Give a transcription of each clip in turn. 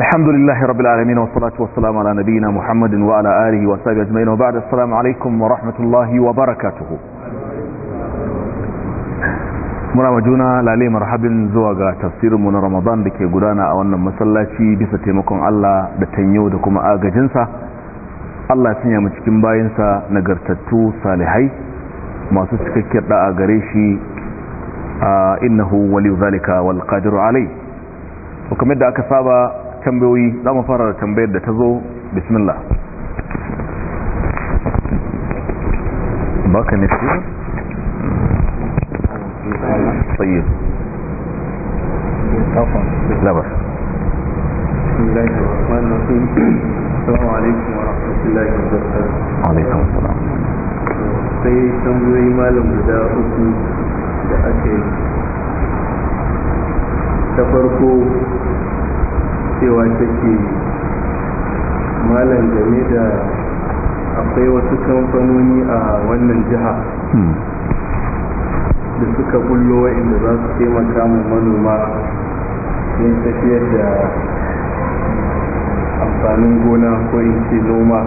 الحمد لله رب العالمين والصلاة والسلام على نبينا محمد وعلى آله وصحبه أجمعين وبعد السلام عليكم ورحمة الله وبركاته muna juna lale marhabin zuwa ga tafsirinmu na ramadan da ke gudana a wannan masallaci bisa taimakon allah da tanyo da kuma agajinsa allah sanya mu cikin bayansa nagartattu salihai masu cikakkiyar da'a gare shi a innahu waliyu zalika wal alai to kamar da aka saba tambayoyi za mu fara da tambayar da ta zo bismillah baka ne su tsayin Sai tambayoyi malam guda uku da ake ta farko cewa take malam game da akwai wasu kamfanoni a wannan jiha hmm. da suka bullo inda za su taimaka mu manoma sun tafiyar da amfanin gona ko in ce noma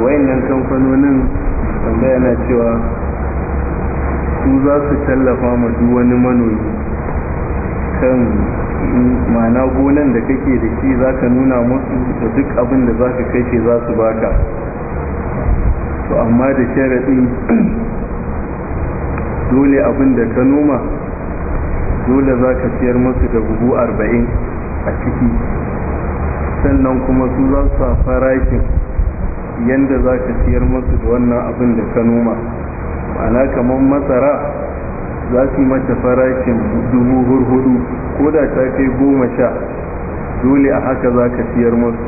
wayannan kamfanonin tambaya na cewa su za su tallafa ma duk wani manomi kan ma'ana gonan da kake da shi za ka nuna musu da duk abin da za ka kashe za su baka to amma da sharaɗin dole abin da ka noma dole za ka siyar musu da buhu arba'in a ciki sannan kuma su za su sa farashin yadda za ka siyar musu da wannan abin da ka noma ma'ana kamar masara za su mata farashin dubu hurhudu ko da ta kai goma sha dole a haka za ka siyar musu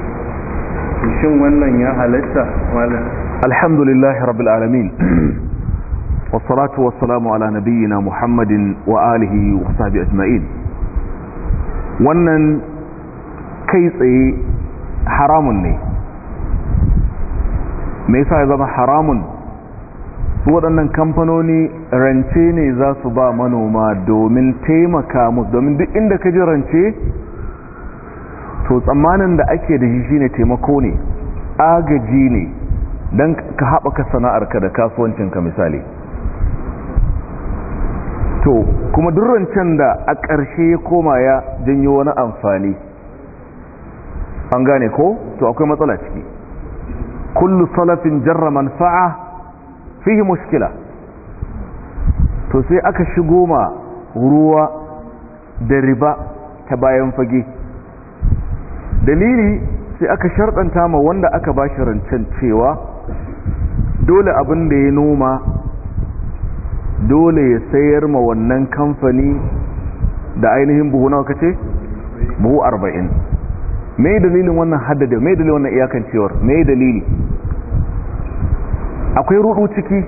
shin wannan ya halatta malam alhamdulillahi rabbil alamin ala والسلام muhammadin wa alihi wa وصحبه أجمعين wannan kai tsaye haramun ne me yasa ya zama haramun su waɗannan kamfanoni rance ne za su ba manoma domin taimaka musu domin duk inda ka ji rance to tsammanin da ake da shi shine taimako ne agaji ne don ka haɓaka ka da kasuwancinka misali to kuma duk rancen da a ƙarshe ya koma ya janyo wani amfani an gane ko to akwai matsala ciki kullu salafin jarra manfa'a fihi mushkila to sai aka shigo ma ruwa da riba ta bayan fage dalili sai aka sharɗanta ma wanda aka ba shi rancen cewa dole abin da ya noma dole ya sayar ma wannan kamfani da ainihin buhu nawa kace buhu arba'in me dalilin wannan haddada me dalilin wannan iyakancewar me dalili akwai rudu ciki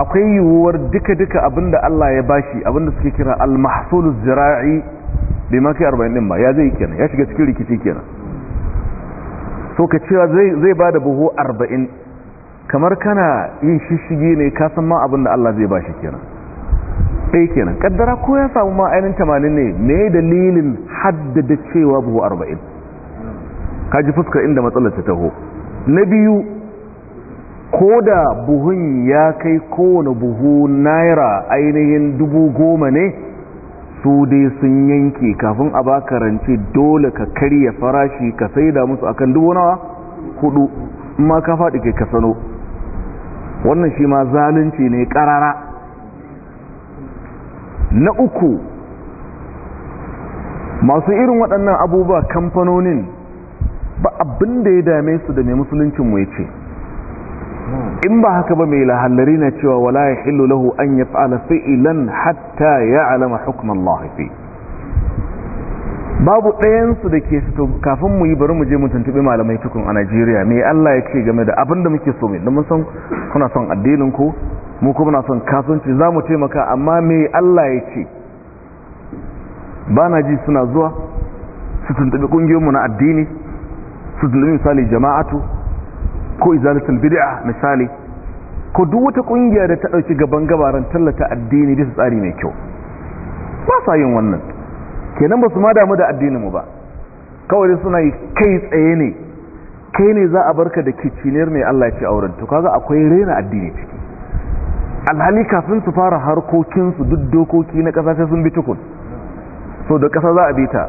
akwai yiwuwar duka-duka abinda Allah ya bashi abinda suke kira al-mahsuluz zira'i bai maka 40 din ba ya zai kenan ya shiga cikin rikici kenan so ka cewa zai ba bada buhu arba'in kamar kana yin shishige ne ka san ma abinda Allah zai bashi kenan sai kenan kaddara ko ya samu ma ainihin tamanin ne me dalilin haddada cewa buhu 40 kaji fuska inda matsalar ta taho na biyu ko da buhun ya kai kowane buhu naira ainihin dubu goma ne su dai sun yanke kafin a baka rance dole ka karya farashi ka sai da musu a kan dubu nawa hudu ma ka faɗi ke ka sano wannan shi ma zalunci ne ƙarara na uku masu irin waɗannan abubuwa kamfanonin ba abin da ya dame su da mai musuluncin mu ya ce in ba haka ba mai lahallari na cewa wala ya hillu lahu an ya fa'ala fi'ilan hatta ya alama hukumar lahafi babu ɗayansu da ke fito kafin mu yi bari mu je mu tuntuɓi malamai tukun a najeriya me allah ya ce game da abin da muke so mai da mun san kuna son addinin ku mu kuma na son kasuwanci za mu taimaka amma me allah ya ce ba na ji suna zuwa su tuntuɓi ƙungiyarmu na addini su tuntuɓi misali jama'atu ko izalatul bid'a misali ko duk wata kungiya da ta dauki gaban gabaran tallata addini bisa tsari mai kyau ba sa yin wannan kenan ba su ma damu da addinin mu ba kawai suna yi kai tsaye ne kai ne za a barka da kiciniyar mai Allah ya ce auren to kaga akwai raina addini ciki alhali kafin su fara harkokin su duk dokoki na kasa sai sun bi tukun so da kasa za a bi ta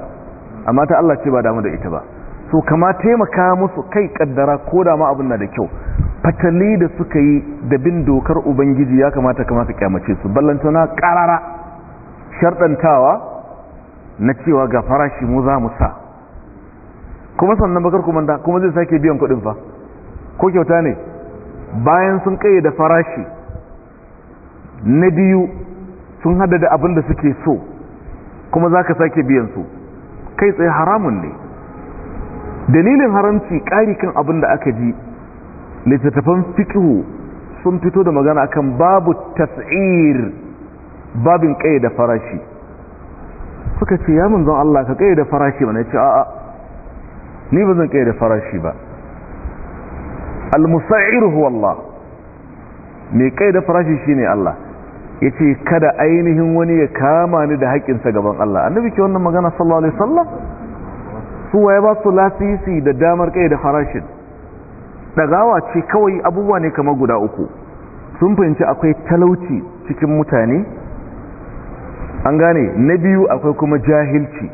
amma ta Allah ce ba damu da ita ba so kama taimaka musu kai kaddara ko da ma abin na da kyau fatali da suka yi da bin dokar ubangiji ya kamata kama ta kyamace su na karara sharɗantawa na cewa ga farashi mu za mu sa kuma sannan bakar da kuma zai sake biyan kuɗin fa ko kyauta ne bayan sun kai da farashi na biyu sun hada da abin da suke so kuma za ka sake biyan su kai tsaye haramun ne dalilin haramci ƙari kan abin da aka ji littattafan fikihu sun fito da magana akan babu tas'ir babin ƙai da farashi suka ce ya mun zan Allah ka ƙai da farashi ba na ce a'a ni ba zan ƙai da farashi ba al-musa'ir huwa Allah mai ƙai da farashi shine Allah yace kada ainihin wani ya kama ni da haƙƙinsa gaban Allah annabi ke wannan magana sallallahu alaihi wasallam su waye ba su lasisi da damar kai da harashin ɗagawa ce kawai abubuwa ne kamar guda uku sun fahimci akwai talauci cikin mutane an gane na biyu akwai kuma jahilci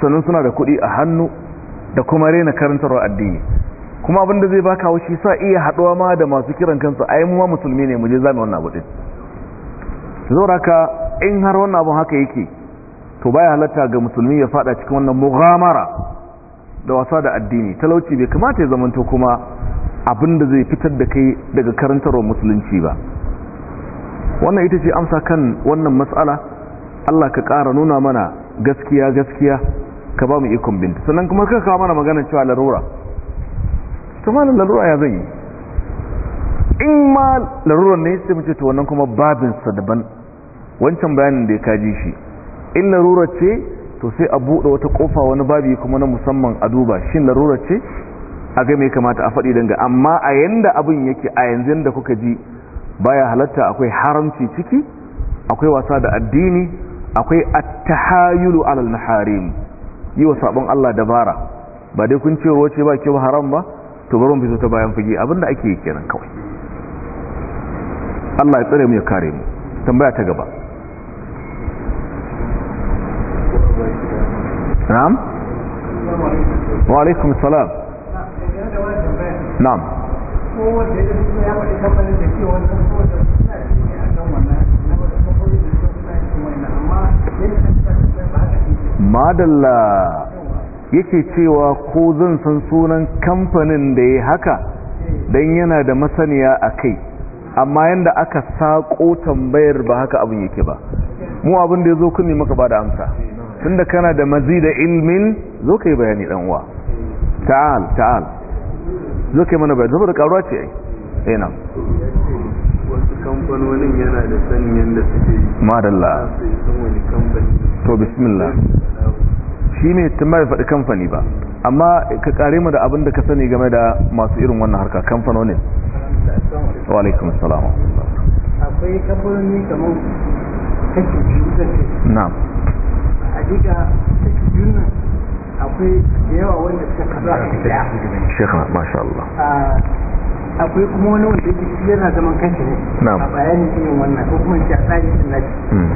sannan suna da kuɗi a hannu da kuma rena karantarwa addini kuma abinda zai baka haushi sa iya haɗuwa ma da masu kiran kansu ai yi musulmi ne mu je zami wannan abu din zauraka in har wannan abun haka yake to baya halatta ga musulmi ya fada cikin wannan mughamara da wasa da addini talauci bai kamata ya zamanto kuma abin da zai fitar da kai daga karantarwar musulunci ba wannan ita ce amsa kan wannan matsala Allah ka ƙara nuna mana gaskiya gaskiya ka ba mu ikon binta sannan kuma ka kawo mana magana cewa larura to malam larura ya zai in ma larura ne sai mu ce to wannan kuma babinsa daban wancan bayanin da ya kaji shi in larura ce to sai a buɗe wata ƙofa wani babi kuma na musamman a duba shin larura ce a ga mai kamata a faɗi danga amma a yanda abin yake a yanzu yanda kuka ji baya halatta akwai haramci ciki akwai wasa da addini akwai attahayulu alal maharim yi wa sabon Allah dabara ba dai kun ce ba kyau haram ba to bari mu fito ta bayan fage abinda ake yi kenan kawai Allah ya tsare mu ya kare mu tambaya ta gaba نعم wa السلام نعم na'am madalla yake cewa ko zan san sunan kamfanin da ya haka don yana da masaniya a kai amma yadda aka saƙo tambayar ba haka abin yake ba mu abin da ya zo kunne maka ba da amsa tunda kana da mazida ilmin zo kai bayani dan uwa ta'al ta'al zo kai mana bayani saboda karuwa ce ai ina eh, wasu kamfanonin yana da sanin yadda suke yi madalla to bismillah shi ne tun bai faɗi kamfani ba amma ka kare mu da abin da ka sani game da masu irin wannan harka kamfanonin wa alaikum salam akwai kamfanoni kamar kake shi na'am hakika cikin akwai da yawa wanda suka kaza shekha masha akwai kuma wani wanda yana zaman kanshi ne a bayanin irin wannan ko kuma shi a tsarin hmm.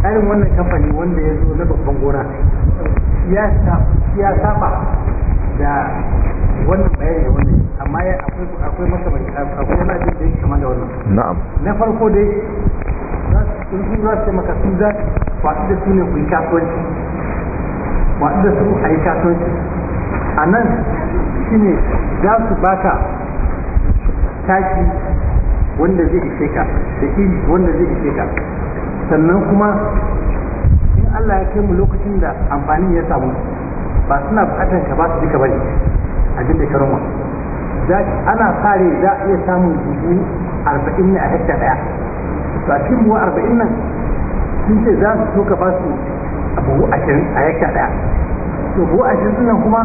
tsarin wannan kamfani wanda ya zo na babban gona ya saba da wannan bayani da wannan amma akwai masa akwai wani abin da kama da wannan na'am na farko dai in su za su maka su za su da su ne ku yi kasuwanci kwaɗi da su a yi kasuwanci a nan shi ne za su baka taki wanda zai ishe ka da iri wanda zai ishe ka sannan kuma in Allah ya kai mu lokacin da amfanin ya samu ba suna bukatar ka ba su duka bane abin da ka roma ana fare za a iya samun dubu arba'in ne a hekta daya sakin buwa arba'in nan sun ce za su so ka ba su buhu ashirin a yakka ɗaya to buhu ashirin nan kuma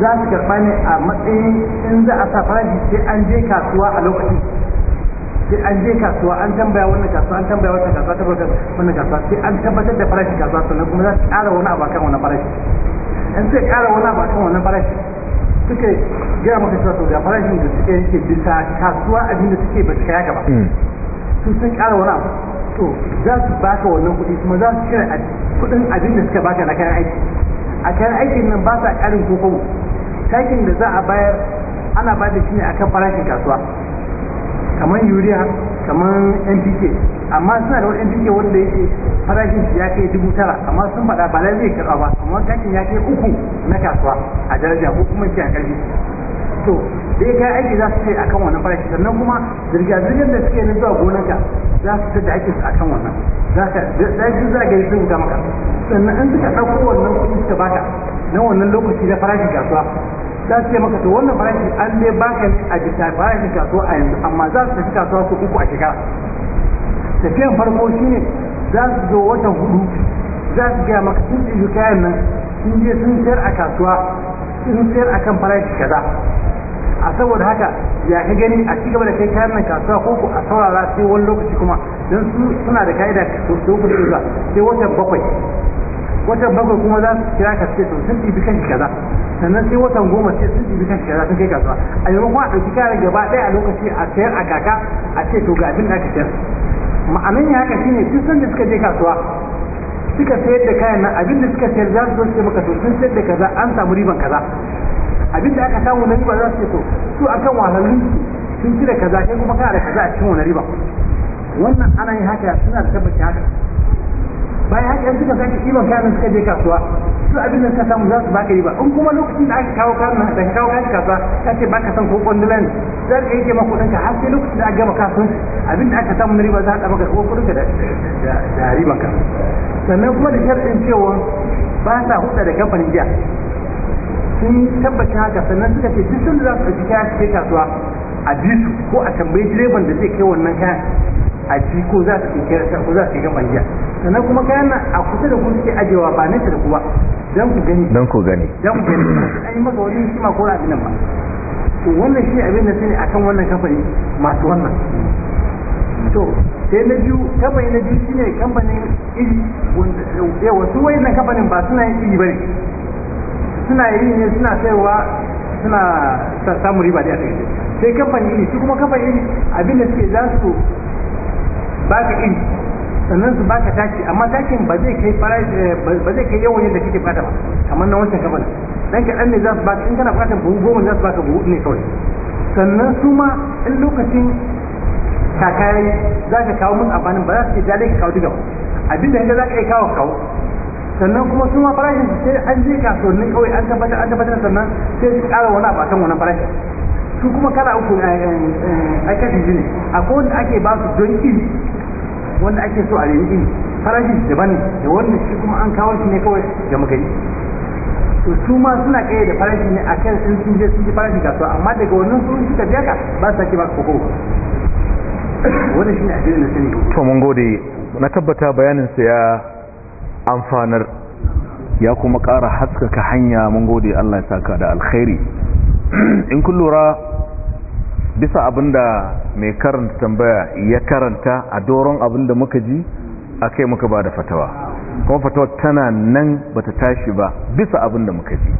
za su karɓa ne a matsayin in za a sa faraji sai an je kasuwa a lokacin sai an je kasuwa an tambaya wannan kasuwa an tambaya wannan kasuwa tabbatar wannan kasuwa sai an tabbatar da farashin kasuwa sannan kuma za su ƙara wani abu akan wannan farashi in sai ƙara wani abu akan wannan farashi suke gina maka cewa to ga farashin da suke yake bisa kasuwa abinda suke ba su kaya gaba hmm. sun sun ƙara wani abu to za su baka wannan kuɗi kuma za su cire kuɗin abin da suka baka na kayan aiki a kayan aikin nan ba sa ƙarin ko takin da za a bayar ana ba da shi ne akan farashin kasuwa kamar yuriya kamar npk amma suna da wani npk wanda yake farashin shi ya kai dubu tara amma sun faɗa ba lai zai karɓa ba amma takin ya kai uku na kasuwa a daraja ko kuma shi a ƙarfi to sai kai aiki za su kai akan wannan farashi sannan kuma zirga zirgar da suke na zuwa gonaka za su fitar da ake su akan wannan za ka za ka yi maka sannan in suka ɗauko wannan kuɗi suka baka na wannan lokaci na farashin kasuwa za su ce maka to wannan farashi an baka ne a bisa farashin kasuwa a yanzu amma za su tafi kasuwa su uku a shekara tafiyan farko ne za su zo watan hudu za su gaya maka sun ɗin kayan nan sun je sun sayar a kasuwa sun sayar akan farashi kaza a saboda haka ya ka gani a cigaba da kai kayan nan kasuwa ko ku a saurara sai wani lokaci kuma don su suna da ka'ida su ku zuwa sai watan bakwai watan bakwai kuma za su kira ka sai sun ɗibi kanki kaza sannan sai watan goma sai sun ɗibi kanki kaza sun kai kasuwa a yi rukun a ɗauki kayan gaba ɗaya a lokaci a sayar a kaka a ce to ga abin da aka sayar ma'anin ya haka shine duk sanda suka je kasuwa suka sayar da kayan nan abin da suka sayar za su zo su ce maka to sun sayar da kaza an samu riban kaza abin da aka samu na riba za su ke to su akan rinki sun cire kaza sai kuma kana da kaza a cikin wani riba wannan ana yin haka suna da tabbaci haka bayan haka yanzu suka sake kiwon kayan suka je kasuwa su abin da suka samu za su baka riba in kuma lokacin da aka kawo kayan da ka kawo kayan kasuwa ka ce baka san ko kwandilan za ka yi taimako ɗanka har sai lokacin da aka gama kasuwanci abin da aka samu na riba za a ɗaba ka ko kudinka da riba ka sannan kuma da sharɗin cewa ba sa hudda da kamfanin jiya sun tabbata haka sannan suka ce duk sanda za su ɗauki kaya su kai kasuwa a bi su ko a tambayi direban da zai kai wannan kayan a ji ko za su kai ko za su kai gaban jiya sannan kuma kayan nan a kusa da kuma suke ajewa ba nesa da kuwa don ku gani don ku gani don ku gani an yi maka wani hikima ko abin nan ba to wannan shi abin da sani akan wannan kamfani masu wannan to sai na biyu kamfani na biyu shine kamfanin iri wanda wasu wayan kamfanin ba suna yin iri ne. suna yi ne suna saiwa suna samun riba da take sai kafan yi su kuma kafan yi abin da suke za su baka yi sannan su baka taki amma takin ba zai kai eh, ba zai kai yawan yadda kake fata ba kamar na wancan kafan dan kaɗan ne za su baka in kana fata buhu goma za su baka buhu ne kawai sannan su ma in lokacin kakayi za ka kawo mun amfanin ba za su ke jale ka kawo duka abin da za ka iya kawo kawo sannan kuma su ma farashin sai an je kasuwannin kawai an tabbatar an tabbatar sannan sai su ƙara wani abu akan wannan farashin su kuma kala uku a eh, eh, kashi ne akwai wanda ake ba su don iri wanda ake so a nemi iri farashin daban ne da wanda shi kuma an kawo shi ne kawai da magani to su ma suna kai da farashi ne a kan sun sun je sun ji farashin kasuwa amma daga wannan sun suka biya ka ba su sake ba su koko wannan shi ne a da sani to mun gode na tabbata bayanin sa ya amfanar ya kuma ƙara haskaka hanya mun gode Allah ya saka da alkhairi in kun lura bisa abinda mai karanta tambaya ya karanta a doron abinda muka ji akai muka ba da fatawa kuma fatawa tana nan bata tashi ba bisa abinda muka ji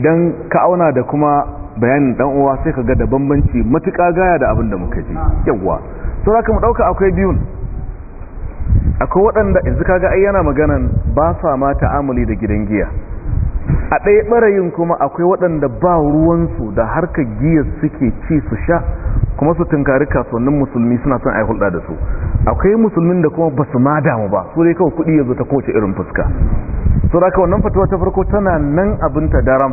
idan ka auna da kuma bayanin dan uwa sai ka ga da bambanci matuƙa gaya da abinda muka ji yawwa sauraka mu dauka akwai biyun akwai waɗanda yanzu kaga ai yana maganan ba sa ma ta'amuli da gidan giya a ɗaya ɓarayin kuma akwai waɗanda ba ruwansu da harka giya suke ci su sha kuma su tunkari kasuwannin musulmi suna son ai hulɗa da su akwai musulmin da kuma ba su ma damu ba su dai kawai kuɗi yanzu ta kowace irin fuska su da wannan fatawa ta farko tana nan abin ta daram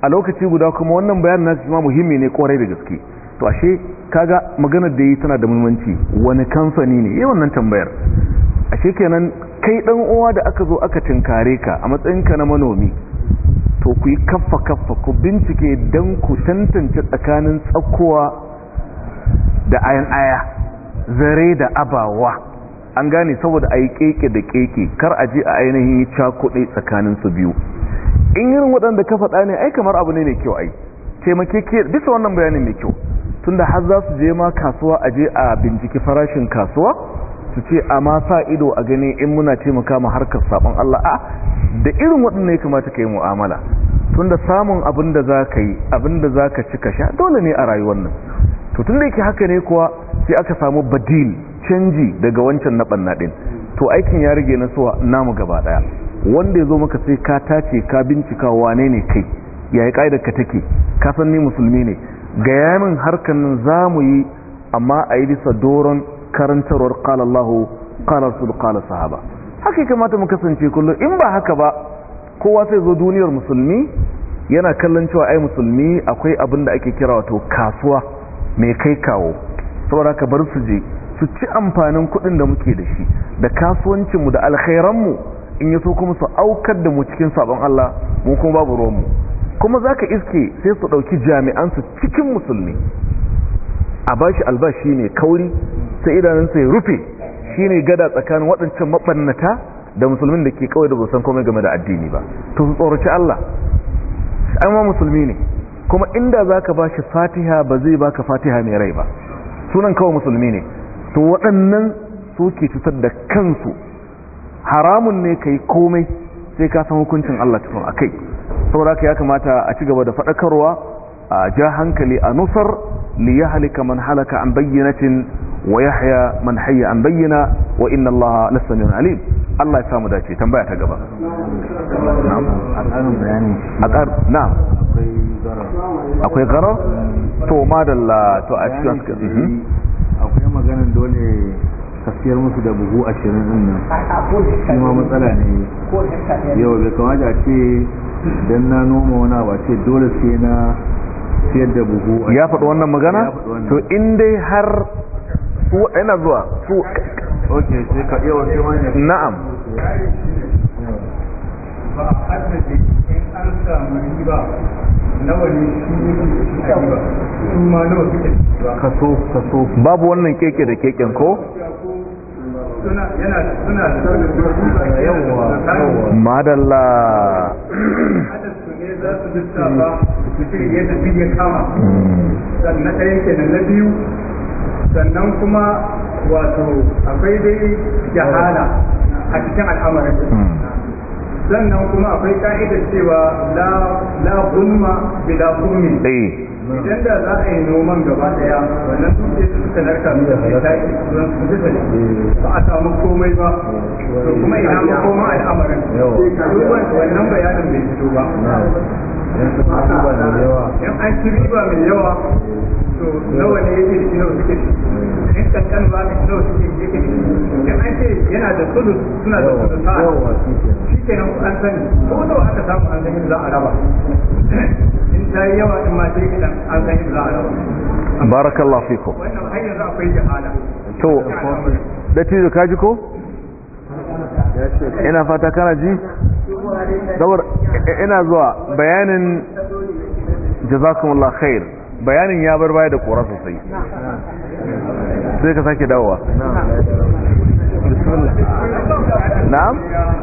a lokaci guda kuma wannan bayanin nasu ma muhimmi ne kwarai da gaske to ashe kaga maganar da yi tana da muhimmanci wani kamfani ne yi wannan tambayar ashe kenan kai dan uwa da aka zo aka tinkare ka a matsayin ka na manomi to ku yi kaffa kaffa ku bincike dan ku tantance tsakanin tsakowa da ayan aya zare da abawa an gane saboda a yi keke da keke kar a ji a ainihin cakuɗe tsakanin su biyu in irin waɗanda ka faɗa ne ai kamar abu ne ne kyau ai ke bisa wannan bayanin mai kyau tunda har za su je ma kasuwa a je a binciki farashin kasuwa su ce a ma sa ido a gani in muna taimaka ma harkar sabon Allah a da irin waɗanda ya kamata ka yi mu'amala tunda samun abin da za ka yi abin da za ka ci ka sha dole ne a rayuwar nan to tunda yake haka ne kuwa sai aka samu badil canji daga wancan na ɓanna ɗin to aikin ya rage na suwa namu gaba ɗaya wanda ya zo maka sai ka tace ka bincika wane ne kai yayi kaidar ka take ka san ni musulmi ne ga yamin harkan nan zamu yi amma a yi bisa doron karantarwar qala Allah qala rasul qala sahaba haka ya kamata mu kasance kullum in ba haka ba kowa sai zo duniyar musulmi yana kallon cewa ai musulmi akwai abin da ake kira wato kasuwa mai kai kawo saboda haka bar su je su ci amfanin kuɗin da muke da shi da kasuwancinmu da alkhairanmu in ya so kuma su aukar da mu cikin sabon Allah mu kuma babu ruwanmu kuma za ka iske sai su ɗauki jami'ansu cikin musulmi a bashi albashi ne kauri sai idanunsa ya rufe shi ne gada tsakanin waɗancan maɓannata da musulmin da ke kawai da busan komai game da addini ba to su tsoraci Allah an ma musulmi ne kuma inda za ka ba shi fatiha ba zai baka fatiha mai rai ba sunan kawai musulmi ne to waɗannan su ke cutar da kansu haramun ne ka yi komai sai ka san hukuncin Allah tukun a kai saboda ya kamata a ci gaba da faɗakarwa a ja hankali a nusar li ya halika man halaka an bayyanatin wa ya haya man haya an bayyana wa inna allaha lasamin alim Allah ya samu dace tambaya ta gaba akwai gara to madalla to a cikin mhm. akwai maganin dole musu da buhu ashirin din nan matsala ne yau bai a ce dan na noma wani ba ce dole sai na siyar da buhu ya faɗi wannan magana to in dai har su yana zuwa su ok sai ka iya wasu wani na'am ba a haddace in an samu riba nawa ne shi ne ba kaso kaso babu wannan keke da keken ko madalla sannan ɗayan kenan na biyu sannan kuma wato akwai dai jahala a cikin al'amarin sannan kuma akwai ka'idar cewa la gulma bila gulmi eh. idan da za a yi noman gaba daya wannan dutse da suka narka mu da bai sai sun kusa ne ba a samu komai ba to kuma ina ma koma al'amarin wannan bayanin bai fito ba yan an ci riba mai yawa to nawa ne yake da nawa suke da in kankan ba ne nawa suke da yake da an ce yana da sulu suna da sulu ta shi kenan an sani ko nawa aka samu an sani za a raba in ta yi yawa in ma to dattijo ka ji ko ina fata kana ji dabar ina zuwa bayanin jazakumullah khair bayanin ya bar baya da kora sosai sai ka sake dawowa na'am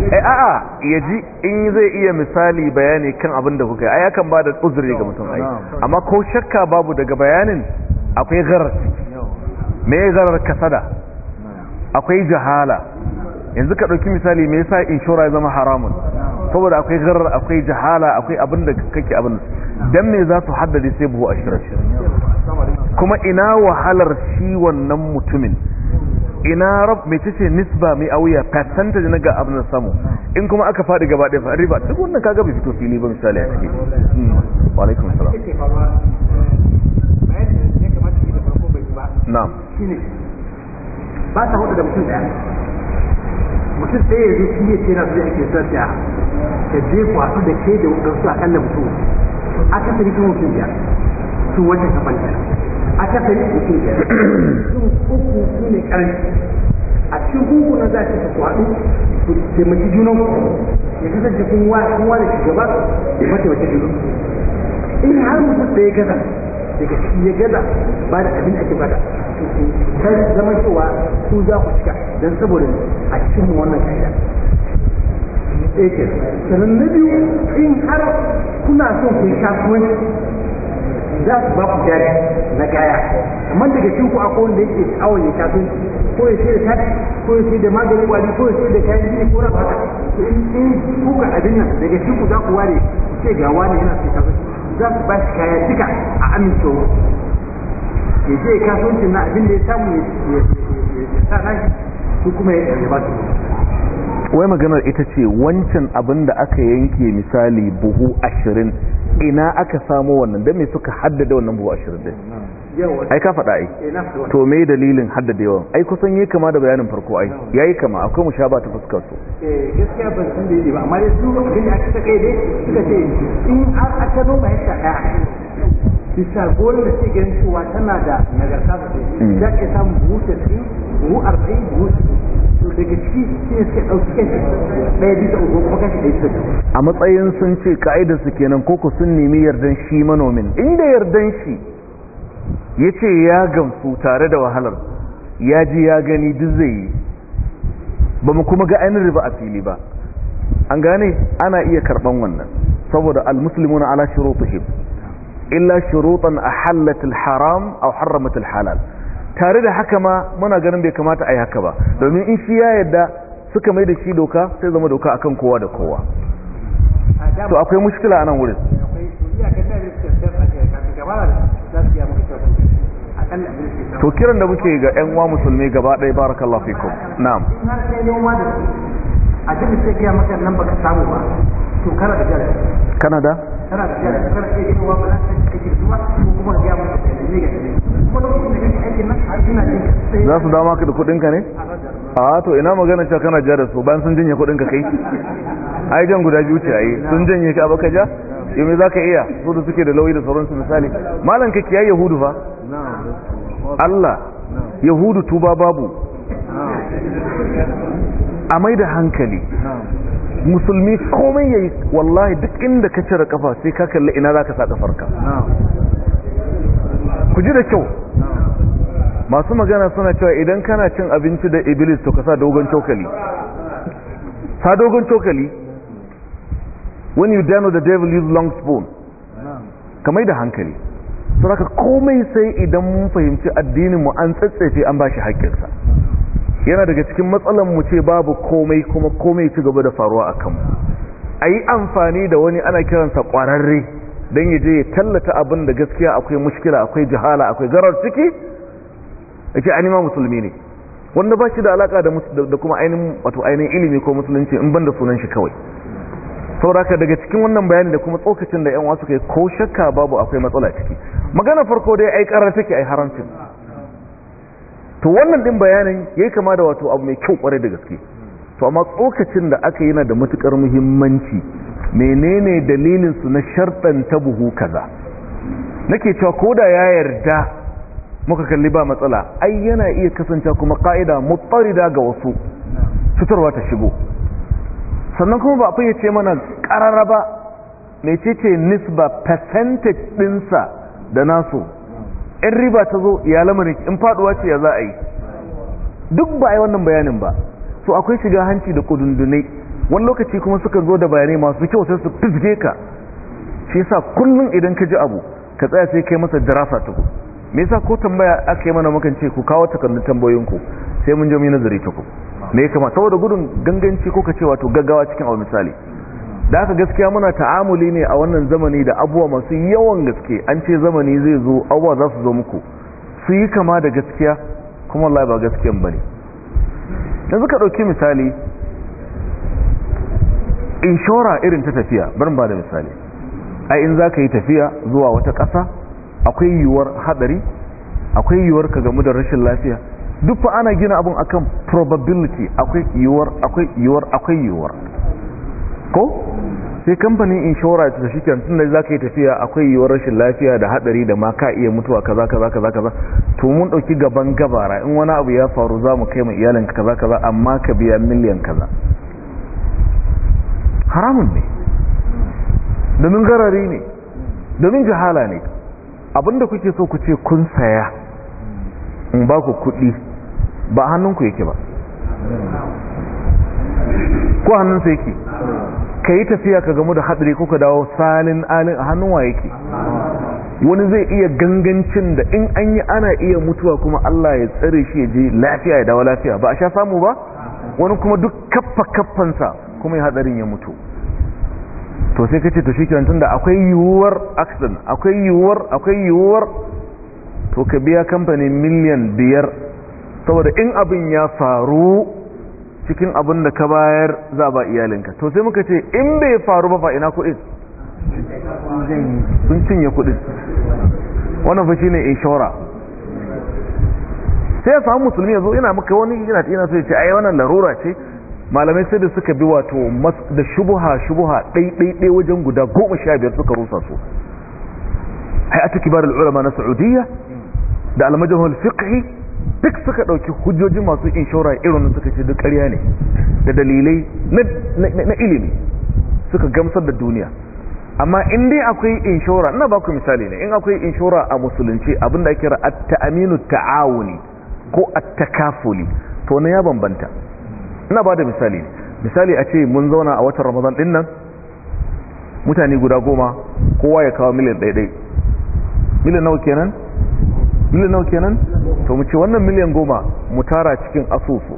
eh a'a yaji in zai iya misali bayani kan abin da kuka yi ai akan bada uzuri ga mutum ai amma ko shakka babu daga bayanin akwai gharar me gharar kasada akwai jahala yanzu ka dauki misali me yasa inshora ya zama haramun saboda akwai gharar akwai jahala akwai abin da kake abin dan me za su haddade sai buhu ashirin kuma ina wahalar shi wannan mutumin ina rab mai ce nisba mai auya percentage na ga abin samu in kuma aka fadi gaba da faɗi riba duk wannan kaga bai fito fili ba misali a cikin hmm. wa alaikum salam na'am ba ta hudu da mutum ɗaya mutum ɗaya ya zo shi ne ce na zai ake sarta ta je kwasu da ke da wadansu akalla mutum aka sani kan mutum biyar su wata ta kwanta a takari uku ke su uku su ne a cikin uku na za su kwaɗo su ku taimaki junan ku ya kasance kun wa kun wa da shugaba ya mataimaki junan in har mutum da ya gaza daga ciki ya gaza ba da abin ake bada sai zama cewa su za ku cika don saboda a cikin wannan kaida ɗaya sannan na biyu in har kuna son ku yi kasuwanci za su ba ku jari na kaya amma daga cikin ku akwai wanda yake awon ya tafi ko ya sai da tafi ko ya sai da maganin kwari ko ya sai da kayan gini ko raba haka in kuka abin nan daga cikin ku za ku ware ce ga wani yana sai tafi za su ba shi kaya duka a amincewa ya je kasuwancin na abin da ya samu ya sa nashi su kuma ya ba su wai maganar ita ce wancan abin da aka yanke misali buhu ashirin ina aka samu wannan don me suka haddada wannan buhu ashirin din ai ka faɗa ai to me dalilin haddada yawan ai kusan yi kama da bayanin farko ai ya yi kama akwai mu shaba ta fuskar su eh, gaskiya ban san da yi ba amma dai su abin da aka kai dai suka ce in an aka noma hekta ɗaya bisa gonar da ke ganin tana da nagarta da ta ke samun buhu 90 buhu 40 buhu a matsayin sun ce ka'idar su kenan koko sun nemi yardan shi manomin inda yardan shi ya ce ya gamsu tare da wahalar ya ji ya gani duk zai yi ba mu kuma ga ainihin riba a fili ba an gane ana iya karban wannan saboda almuslimuna ala shurutihim illa a ahallat haram a harramat halal tare da haka ma muna ganin bai kamata a yi haka ba domin in shi ya yadda suka mai da shi doka sai zama doka akan kowa da kowa to akwai mushkila a nan wurin to kiran da muke ga yan uwa musulmi gaba ɗaya barakallahu fikum na'am a duk sai ga maka nan baka samu ba to kana da jara kana kana da jari. kana da jari kana da kana da kuma ga ne za su dama ka da kudinka ne a to ina magana cewa kana ja da su bayan sun janye kudinka kai ai jan guda biyu ce ai sun janye ka baka ja yau za ka iya su da suke da lauyi da sauransu misali malam ka kiyaye yahudu fa Allah yahudu tuba babu a mai da hankali musulmi komai yayi wallahi duk inda ka cire kafa sai ka kalli ina za ka sa kafarka ku ji da kyau masu magana suna cewa idan kana cin abinci da iblis to ka sa dogon cokali sa dogon cokali when you dine with the devil use long spoon kamar da hankali saboda komai sai idan mun fahimci addinin mu an tsatsefe an bashi haƙƙinsa yana daga cikin matsalan mu ce babu komai kuma komai ci gaba da faruwa a kanmu a yi amfani da wani ana kiransa ƙwararre don ya je ya tallata abin da gaskiya akwai mushkila akwai jihala akwai garar ciki yace anima musulmi ne wanda ba shi da alaka da kuma ainihin ilimi ko musulunci in banda sunan shi kawai sauraka daga cikin wannan bayani da kuma tsokacin da yan wasu kai ko shakka babu akwai matsala ciki magana farko dai ai karar take ai haramcin to wannan din bayanin yayi kama da wato abu mai kyau kwarai da gaske to amma tsokacin da aka yi na da matukar muhimmanci menene dalilin su na shartan ta buhu kaza nake cewa koda ya yarda muka kalli ba matsala ai yana iya kasance kuma ka'ida mutarida ga wasu fitarwa ta shigo sannan kuma ba a yace mana qarara ba mecece nisba percentage dinsa da nasu in riba ta zo ya lamarin in faduwa ce ya za a yi duk ba a yi wannan bayanin ba so akwai shiga hanci da kudundune wani lokaci kuma suka zo da bayanai masu kyau sai su fizge ka shi yasa kullum idan ka ji abu ka tsaya sai kai masa ta tuku me yasa ko tambaya aka yi mana mukan ce ku kawo takardun tambayoyinku sai mun je mu nazari ta ku me kama saboda gudun ganganci ko ka ce wato gaggawa cikin abu misali da aka gaskiya muna ta'amuli ne a wannan zamani da abuwa masu yawan gaske an ce zamani zai zo abuwa za su zo muku su yi kama da gaskiya kuma Allah ba gaskiyan bane yanzu ka dauki misali inshora irin ta tafiya bar ba da misali ai in za ka yi tafiya zuwa wata ƙasa akwai yiwuwar hadari akwai yiwuwar ka gamu da rashin lafiya duk fa ana gina abun akan probability akwai yiwuwar akwai yiwuwar akwai yiwuwar ko sai kamfanin insurance da shiken tun da za ka yi tafiya akwai yiwuwar rashin lafiya da hadari da ma ka iya mutuwa kaza kaza kaza kaza to mun dauki gaban gabara in wani abu ya faru za mu kai ma ka kaza kaza amma ka biya miliyan kaza haramun ne domin garari ne domin jahala ne abinda kuke so ku ce kun saya in ba ku kuɗi ba hannunku yake ba ko hannunsa yake ka yi tafiya ka gamu da hadari ko ka dawo salin alin a hannun wa yake wani zai iya gangancin da in an yi ana iya mutuwa kuma Allah ya tsare shi ya je lafiya ya dawo lafiya ba a sha samu ba wani kuma duk kaffa kaffansa kuma ya hadarin ya mutu to sai kace to shikenan tunda akwai yiwuwar accident akwai yiwuwar akwai yiwuwar to ka biya kamfani miliyan biyar saboda in abin ya faru cikin abin da ka bayar za ba iyalinka to sai muka ce in bai faru ba fa ina kuɗin sun cinye kuɗin wannan fa shine inshora sai ya samu musulmi yazo ina maka wani yana tina so ya ce ai wannan larura ce malamai sai da suka bi wato da shubuha shubuha ɗaiɗaiɗai wajen guda goma sha biyar suka rusa su ba kibar al'ulama na saudiya da almajahul fiqhi duk suka ɗauki hujjoji masu inshora irin suka ce duk ƙarya ne da dalilai na ilimi suka gamsar da duniya amma in dai akwai inshora ina ba ku misali ne in akwai inshora a musulunci abinda ake kira at-ta'aminu ta'awuni ko at-takafuli to ne ya bambanta ina ba da misali misali a ce mun zauna a watan ramadan din nan mutane guda goma kowa ya kawo miliyan ɗaiɗai miliyan nawa kenan miliyan nawa kenan to mu ce wannan miliyan goma mu tara cikin asusu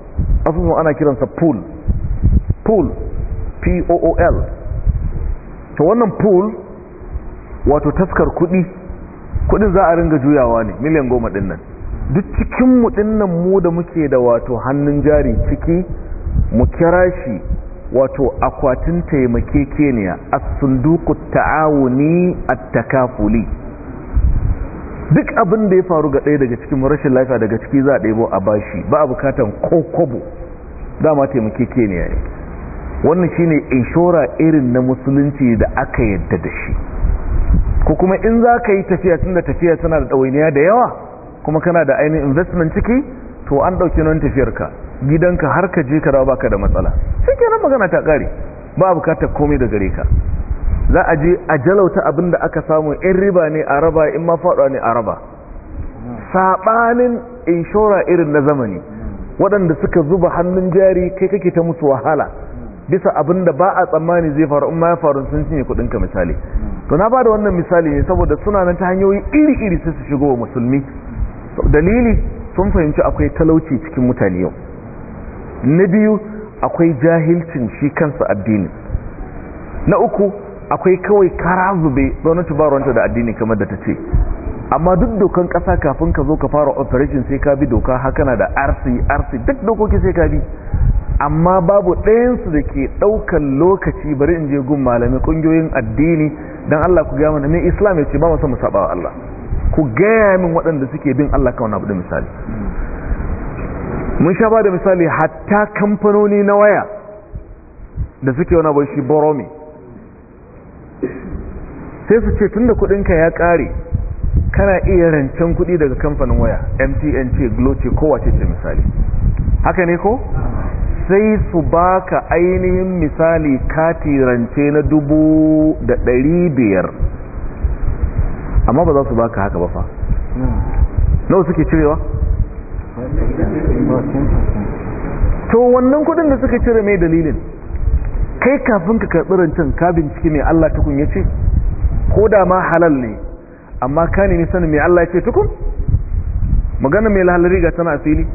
asusu ana kiransa pool pool p-o-o-l to wannan pool wato taskar kuɗi kuɗin za a ringa juyawa ne miliyan goma ɗin nan duk cikinmu ɗin nan mu da muke da wato hannun jari ciki mu kira shi wato akwatin taimakekeniya a sunduku ta'awuni a takafuli duk abin da ya faru ga ɗaya daga cikin rashin lafiya daga ciki za a ɗaibo a bashi ba a bukatan kokobo dama taimakekeniya ne wannan shine inshora irin na musulunci da aka yadda da shi ko kuma in za ka yi tafiya tun da tafiya tana da ɗawainiya da yawa kuma kana da ainihin investment ciki to an ɗauki nan tafiyarka gidanka har ka je ka dawo baka da matsala sai kenan magana ta kare ba bukatar komai da gare ka za a je a jalauta abinda aka samu in riba ne a raba in ma faɗuwa ne a raba saɓanin inshora irin na zamani waɗanda suka zuba hannun jari kai kake ta musu wahala bisa abinda ba a tsammani zai faru in ma ya faru sun cinye kuɗinka misali to na bada wannan misali ne saboda suna nan ta hanyoyi iri-iri sai su shigo wa musulmi dalili sun fahimci akwai talauci cikin mutane yau na biyu akwai jahilcin shi kansa addini na uku akwai kawai kara zube gwamnati ba ruwanta da addini kamar da ta ce amma duk dokan kasa kafin ka zo ka fara operation sai ka bi doka hakana da rc rc duk dokoki sai ka bi amma babu ɗayansu da ke ɗaukan lokaci bari in je gun malami ƙungiyoyin addini don allah ku gaya mana mai islam ya ce ba mu samu saɓawa allah ku gaya min waɗanda suke bin Allah kawai na buɗe misali mun sha ba da misali hatta kamfanoni na waya da suke wani abu shi boromi sai su ce tun da kudinka ya ƙare kana iya rancen kuɗi daga kamfanin waya mtn ce glo ce kowace ce misali haka ne ko sai su baka ainihin misali kati rance na dubu da ɗari biyar amma ba za su baka haka ba fa nawa suke cirewa to wannan kudin da suka cire mai dalilin kai kafin ka karɓi rancen ka bincike mai Allah tukun ya ce ko da ma halal ne amma ka nemi sanin mai Allah ya ce tukun magana mai lahalari ga tana fili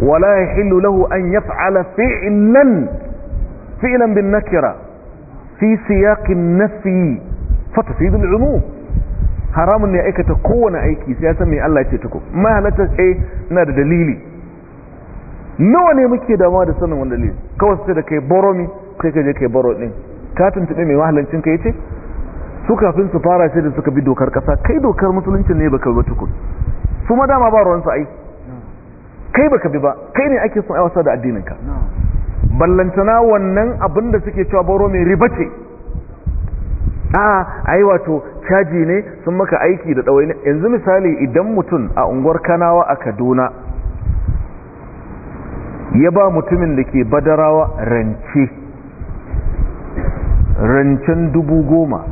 wala ya hillu lahu an yaf'ala fi'lan fi'lan bin nakira fi siyaqin nafi fa fi al haramun ne aikata kowane aiki sai ya san mai Allah ce tuku ma halatta eh ina da dalili nawa ne muke damuwa da sanin wani dalili kawai sai da kai boro mi kai ka je kai boro din ka tuntube mai wahalancin ka yace su kafin su fara sai da suka bi dokar kasa kai dokar musulunci ne baka ba tukun su ma dama ba ruwan su ai kai baka bi ba kai ne ake son aiwatar da addinin ka ballantana wannan abin da suke cewa boro mai riba ce a ai wato caji ne sun maka aiki da ɗawai yanzu misali idan mutum a unguwar kanawa a kaduna ya ba mutumin da ke badarawa rance rancen dubu goma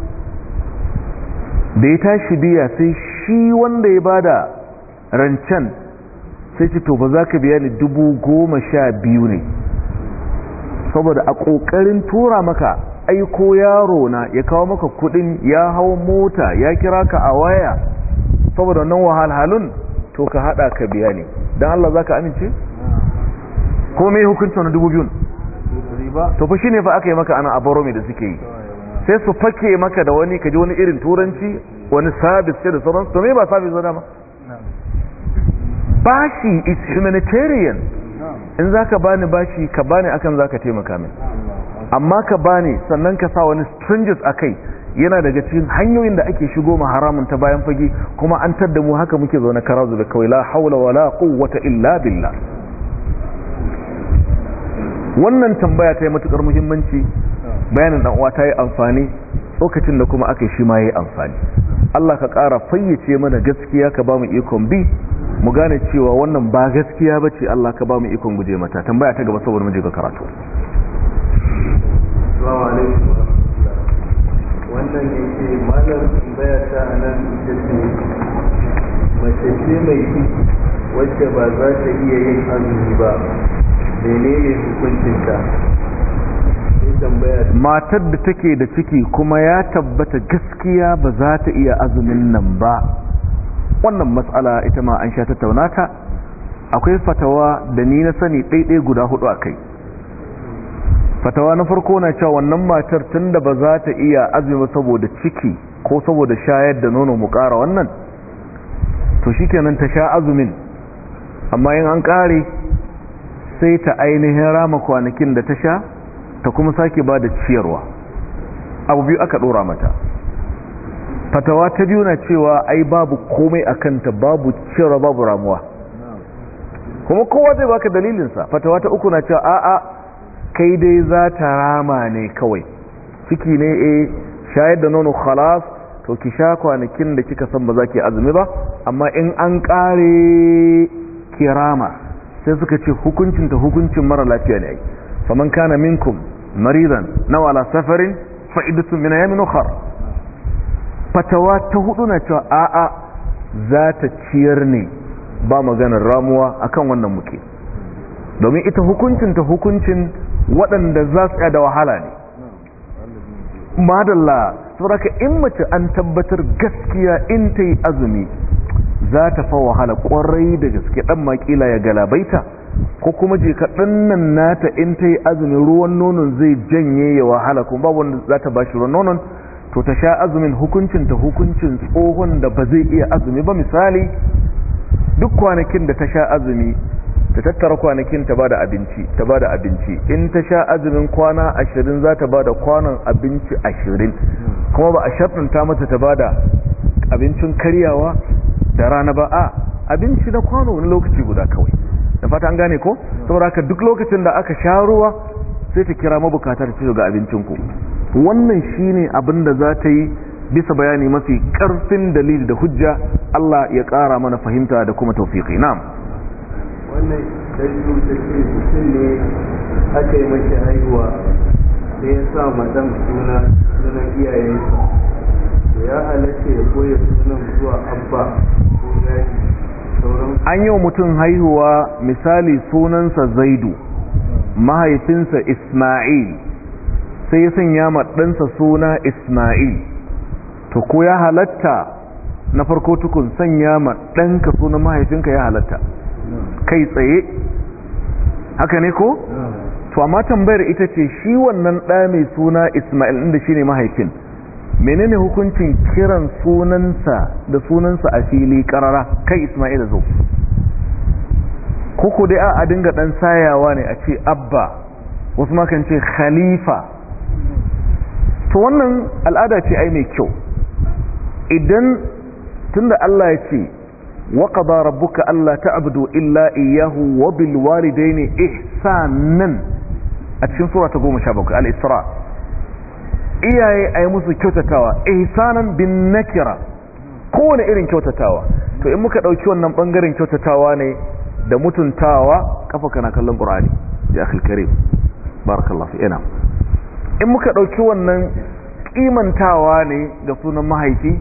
da ya tashi biya sai shi wanda ya ba da rancen sai ce to ba za ka biya ni dubu goma sha biyu ne saboda a ƙoƙarin tura maka aiko yaro na ya kawo maka kudin ya hau mota ya kira ka a waya saboda nan wahalhalun to ka hada ka biya ne don Allah za ka amince? ko mai hukunta na dubu biyun? to fa ne fa aka yi maka ana abaro mai da suke yi sai su fake maka da wani kaji wani irin turanci wani sabis ce da sauransu to me ba sabis zana ba bashi is humanitarian in za ka bani bashi ka bani akan za ka taimaka min amma ka bani sannan ka sa wani strangers a kai yana daga cikin hanyoyin da ake shigo ma haramun ta bayan fage kuma an tadda mu haka muke zaune karazu da kawai la haula wala quwwata illa billah wannan tambaya ta yi matukar muhimmanci bayanin dan uwa ta yi amfani lokacin da kuma aka shi ma yi amfani Allah ka kara fayyace mana gaskiya ka ba mu ikon bi mu gane cewa wannan ba gaskiya ba ce Allah ka ba mu ikon guje mata tambaya ta gaba saboda muje ga karatu wannan yake malar tambaya ta a nan ce mace ce mai ciki wacce ba za ta iya yin azumi ba menene ta. matar da take da ciki kuma ya tabbata gaskiya ba za ta iya azumin nan ba wannan matsala ita ma an sha tattauna ta akwai fatawa da ni na sani ɗaiɗai guda hudu a kai fatawa na farko na cewa wannan matar tun da ba za ta iya azumi saboda ciki ko saboda shayar da nono mu ƙara wannan to shi kenan ta sha azumin amma yin an ƙare sai ta ainihin rama kwanakin da ta sha ta kuma sake ba da ciyarwa abu biyu aka ɗora mata fatawa ta biyu na cewa ai babu komai a kanta babu cira babu ramuwa kuma kowa zai baka dalilinsa fatawa ta uku na cewa a'a kai dai za ta rama ne kawai ciki ne a eh, shayar da nono khalas to ki sha kwanakin da kika san ba za ki azumi ba amma in an kare ki rama sai suka ce hukuncin ta hukuncin mara lafiya ne faman kana minkum maridan nawa safarin fa'idatun min ayamin ukhra fatawa ta hudu na cewa a'a za ta ciyar ne ba maganar ramuwa akan wannan muke domin ita hukuncin ta hukuncin waɗanda za su yada wahala ne madalla sauraka in mace an tabbatar gaskiya in ta yi azumi za ta fa wahala ƙwarai da gaske ɗan makila ya galabaita ko kuma je ka nan nata in ta yi azumi ruwan nonon zai janye ya wahala kuma babu wanda za ta bashi ruwan nonon to ta sha azumin hukuncin ta hukuncin tsohon da ba zai iya azumi ba misali duk kwanakin da ta sha azumi ta tattara kwanakin ta bada abinci ta bada abinci in ta sha azumin kwana ashirin za ta bada kwanan abinci ashirin kuma ba a ta mata ta bada abincin karyawa da rana ba a abinci na kwano wani lokaci guda kawai da fata an gane ko saboda haka duk lokacin da aka sha ruwa sai ta kira mabukata ta ce ga abincinku wannan shine abin da za ta yi bisa bayani mafi ƙarfin dalil da hujja Allah ya ƙara mana fahimta da kuma taufiƙi na. wannan dalilin da ke mutum ne aka yi mashi haihuwa sai ya sa madan suna sunan iyayensa da ya halatta ya koya sunan zuwa abba ko yaji an yi wa mutum haihuwa misali sunansa zaidu mahaifinsa Ismail sai ya sanya ma ɗansa suna Ismail to ko ya halatta na farko tukun sanya ma ɗanka sunan mahaifinka ya halatta kai tsaye haka ne ko? to amma tambayar ita ce shi wannan ɗa mai suna Ismail inda shi ne mahaifin menene hukuncin kiran sunansa da sunansa a fili ƙarara kai Ismail zo ko dai a dinga dan sayawa ne a ce abba wasu makan ce khalifa to wannan al'ada ce ai mai kyau idan tunda Allah ya ce wa qada rabbuka alla ta'budu illa iyyahu wa bil walidayni ihsanan a cikin sura ta 17 al-isra iyaye ai musu kyautatawa ihsanan bin nakira kowane irin kyautatawa to in muka dauki wannan bangaren kyautatawa ne da mutuntawa kafa kana kallon qur'ani ya akhil karim barakallahu fi ina in muka ɗauki wannan kimantawa ne ga sunan mahaifi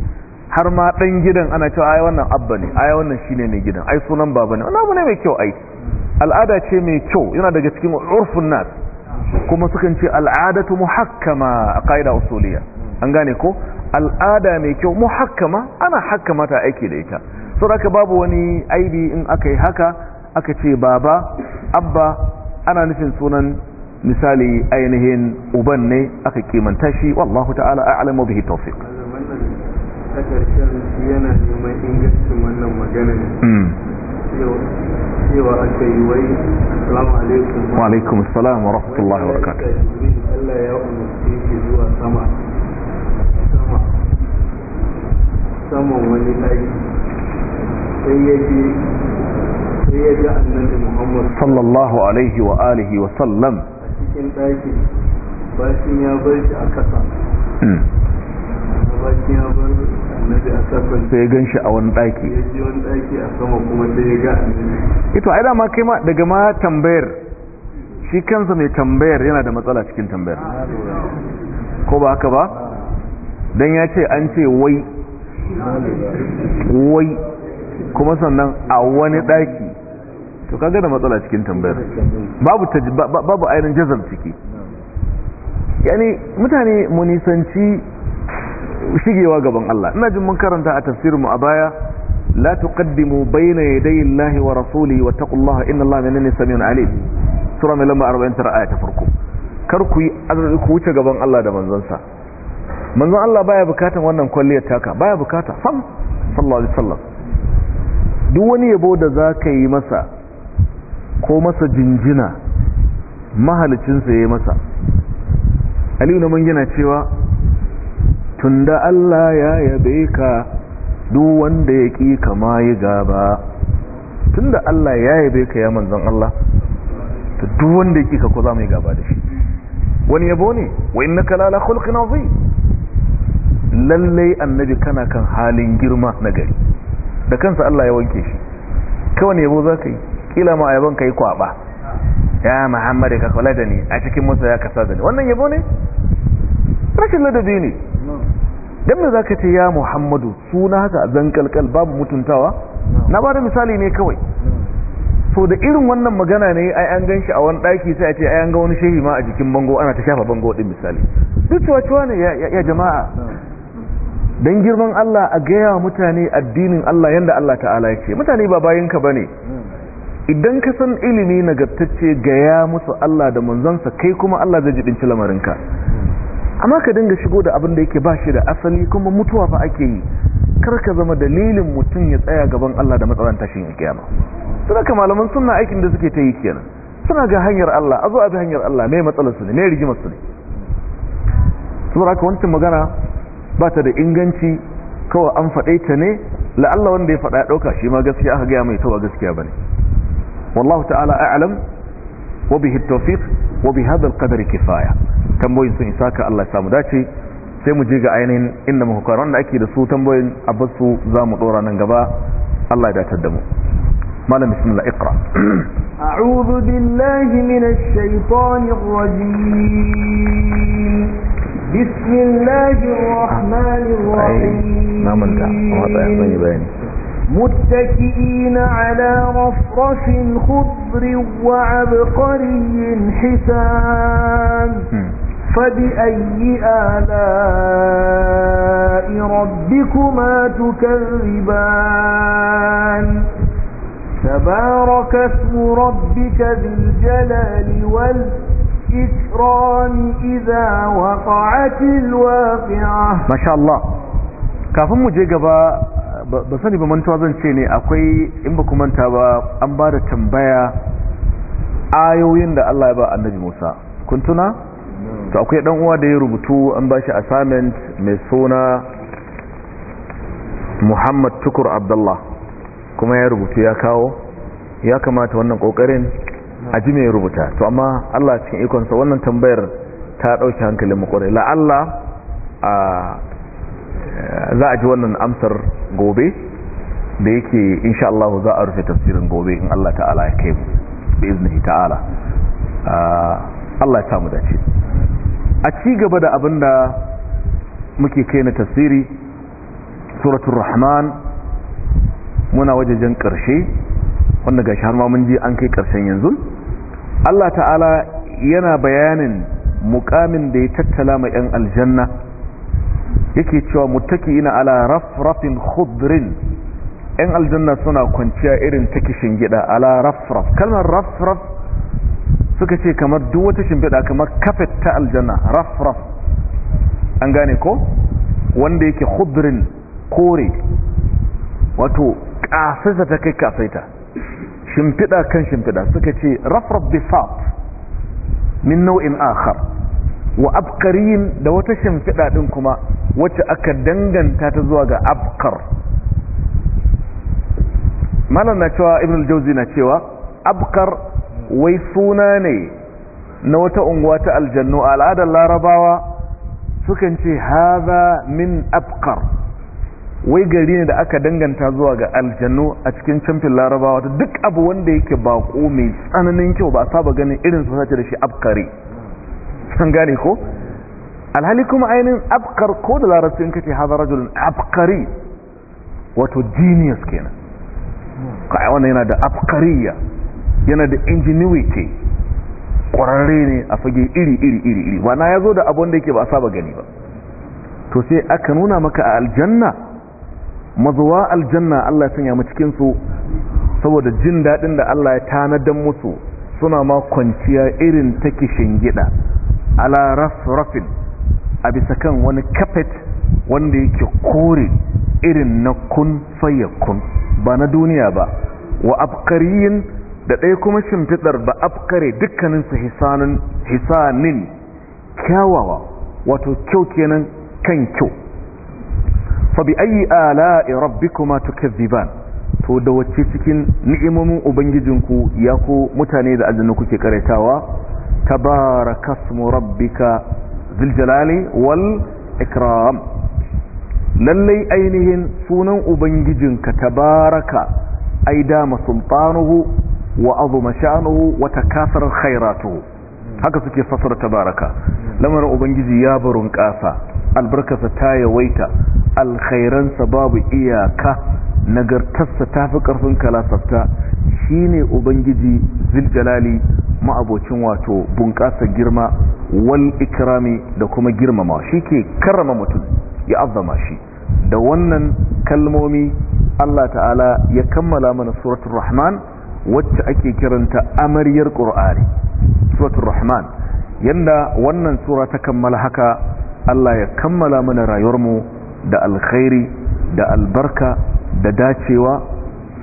har ma dan gidan ana cewa ai wannan abba ne ai wannan shine ne gidan ai sunan baba ne wannan abu ne mai kyau ai al'ada ce mai kyau yana daga cikin urfun nas kuma sukan ce al'adatu muhakkama a ƙa'ida usuliya an gane ko al'ada mai kyau muhakkama ana hakkamata aiki da ita saboda babu wani aibi in aka yi haka aka ce baba abba ana nufin sunan misali ainihin uban ne aka kimanta shi wallahu ta'ala a'lamu bihi tawfiq ta karshen yana wannan yi wa alaikum assalam wa rahmatullahi wa barakatuh Allah ya zuwa sama sama wani ɗaki sai ya je sallallahu alaihi wa alihi wa hmm. sai ya gan shi a wani ɗaki ito a sama dama kai ma daga ma tambayar shi kansa mai tambayar yana da matsala cikin tambayar ko ba haka ba dan ya ce an ce wai wai kuma sannan a wani ɗaki to kaga da matsala cikin tambayar babu babu ainihin jazal ciki yani mutane munisanci shigewa gaban Allah ina jin mun karanta a tafsirin mu a baya la tuqaddimu bayna yaday Allah wa rasulihi wa taqullaha inna Allah minni samiun alim sura mai lamba 49 aya ta farko kar ku yi ku wuce gaban Allah da manzonsa manzon Allah baya bukatan wannan kwalliyar taka baya bukata sam sallallahu alaihi wasallam duk wani yabo da zaka yi masa ko masa jinjina mahalicinsa ya yi masa aliyu na mangina cewa tunda Allah ya yabe ka duk wanda ya ƙi kama yi gaba tunda Allah ya yabe ka ya manzan Allah to duk wanda ya ƙi ka ko za mu yi gaba da shi wani yabo ne wa inna ka lala khulqin azim lallai annabi kana kan halin girma na gari da kansa Allah ya wanke shi kawai yabo za ka yi kila ma yabon kai kwaba ya muhammadu ka kula da ni a cikin musa ya kasa da ni wannan yabo ne rashin ladabi ne dan me zaka ce ya muhammadu suna haka zan kalkal babu mutuntawa na ba da misali ne kawai so da irin wannan magana ne ai an ganshi a wani daki sai a ce ai an ga wani shehi ma a jikin bango ana ta shafa bango din misali duk cewa ne ya jama'a dan girman Allah a gaya wa mutane addinin Allah yanda Allah ta'ala ya mutane ba ka bane idan ka san ilimi nagartacce ga ya musu Allah da manzansa kai kuma Allah zai ci lamarinka amma ka dinga shigo da abin da yake ba shi da asali kuma mutuwa fa ake yi kar ka zama dalilin mutum ya tsaya gaban Allah da matsalan tashin kiyama suna ka malaman suna aikin da suke ta yi kenan suna ga hanyar Allah a zo a bi hanyar Allah mai matsalar su ne mai rigimar su ne suna haka wancan magana ba ta da inganci kawai an faɗe ta ne la'alla wanda ya faɗa ya ɗauka shi ma gaskiya aka gaya mai tawa gaskiya ba ne wallahu ta'ala a'lam wa bihi tawfiq wa bi hadha al-qadr kifaya tambayoyin sun isa ka Allah ya samu dace sai muje je ga ainihin inda muka karon da ake da su tambayoyin abbasu zamu dora nan gaba Allah ya datar da malam bismillah iqra bayani متكئين على رفرف خضر وعبقري حسان فبأي آلاء ربكما تكذبان تبارك اسم ربك ذي الجلال والإكرام إذا وقعت الواقعة ما شاء الله كافم mu ba sani ba mantuwa zan ce ne akwai in ba manta ba an ba da tambaya ayoyin da Allah ya ba annabi Musa kun tuna to akwai dan uwa da ya rubutu an ba shi assignment mai suna Muhammad Tukur Abdullah kuma ya rubutu ya kawo ya kamata wannan kokarin a ji mai rubuta to amma Allah cikin ikonsa wannan tambayar ta dauke hankalin mu kwarai Allah a za a ji wannan amsar gobe da yake insha Allah za a rufe tafsirin gobe in Allah ta'ala ya kai bi iznihi ta'ala ah, Allah ya samu dace a ci gaba da abin da muke kai na tafsiri suratul rahman muna wajajen karshe wanda gashi har ma mun ji an kai ƙarshen yanzu Allah ta'ala yana bayanin mukamin da ya tattala ma 'yan aljanna yake cewa mutaki ina ala rafrafin khudrin yan aljanna suna kwanciya irin ta kishin gida ala rafraf kalmar rafraf suka ce kamar duk wata shimfiɗa kamar kafet ta aljanna rafraf an gane ko wanda yake khudrin kore wato kafisa ta kai ta, shimfiɗa kan shimfiɗa suka ce rafraf bifat min nau'in akhar wa abkarin da wata shimfiɗa ɗin kuma wacce aka danganta ta zuwa ga abkar malam na cewa ibn al-jauzi na cewa abkar wai suna ne na wata unguwa ta aljannu al'adar larabawa sukan ce haza min abkar wai gari ne da aka danganta zuwa ga aljannu a cikin camfin larabawa ta? duk abu wanda yake bako mai tsananin kyau ba a saba ganin irin su sace da shi abkari an gane ko alhali kuma ainihin abkar ko da larabci in kace haza rajulun abkari wato genius kenan kai wannan yana da abkariya yana da ingenuity ƙwararre ne a fage iri iri iri iri ba na ya zo da abun da yake ba a saba gani ba to sai aka nuna maka a aljanna mazuwa aljanna Allah sanya mu cikin saboda jin daɗin da Allah ya tanadan musu suna ma kwanciya irin ta kishin gida ala rafrafin a bisa kan wani kafet wanda yake kore irin na kun fayyakun ba na duniya ba wa abkariyin da ɗaya kuma shimfiɗar ba abkare dukkaninsu hisanin kyawawa wato kyau kenan kan kyau fabi ayi ala'i rabbikuma tukazziban to da wacce cikin ni'imomin ubangijinku ya ku mutane da aljanna kuke karatawa تبارك اسم ربك ذي الجلال والإكرام للي أينهن سونا أبنججنك تبارك أي دام سلطانه وأظم شأنه وتكاثر خيراته haka suke fasara tabaraka lamarin ubangiji ya barun kasa albarkarsa ta yawaita alkhairansa babu iyaka nagartarsa ta fi karfin kalasarta shine ubangiji ziljalali ma'abocin wato bunƙasa girma wal ikrami da kuma girmama shi ke karrama mutum ya azama shi da wannan kalmomi Allah ta'ala ya kammala mana suratul rahman wacce ake kiranta amaryar qur'ani suratul rahman yanda wannan sura ta kammala haka Allah ya kammala mana rayuwarmu da alkhairi da albarka da dacewa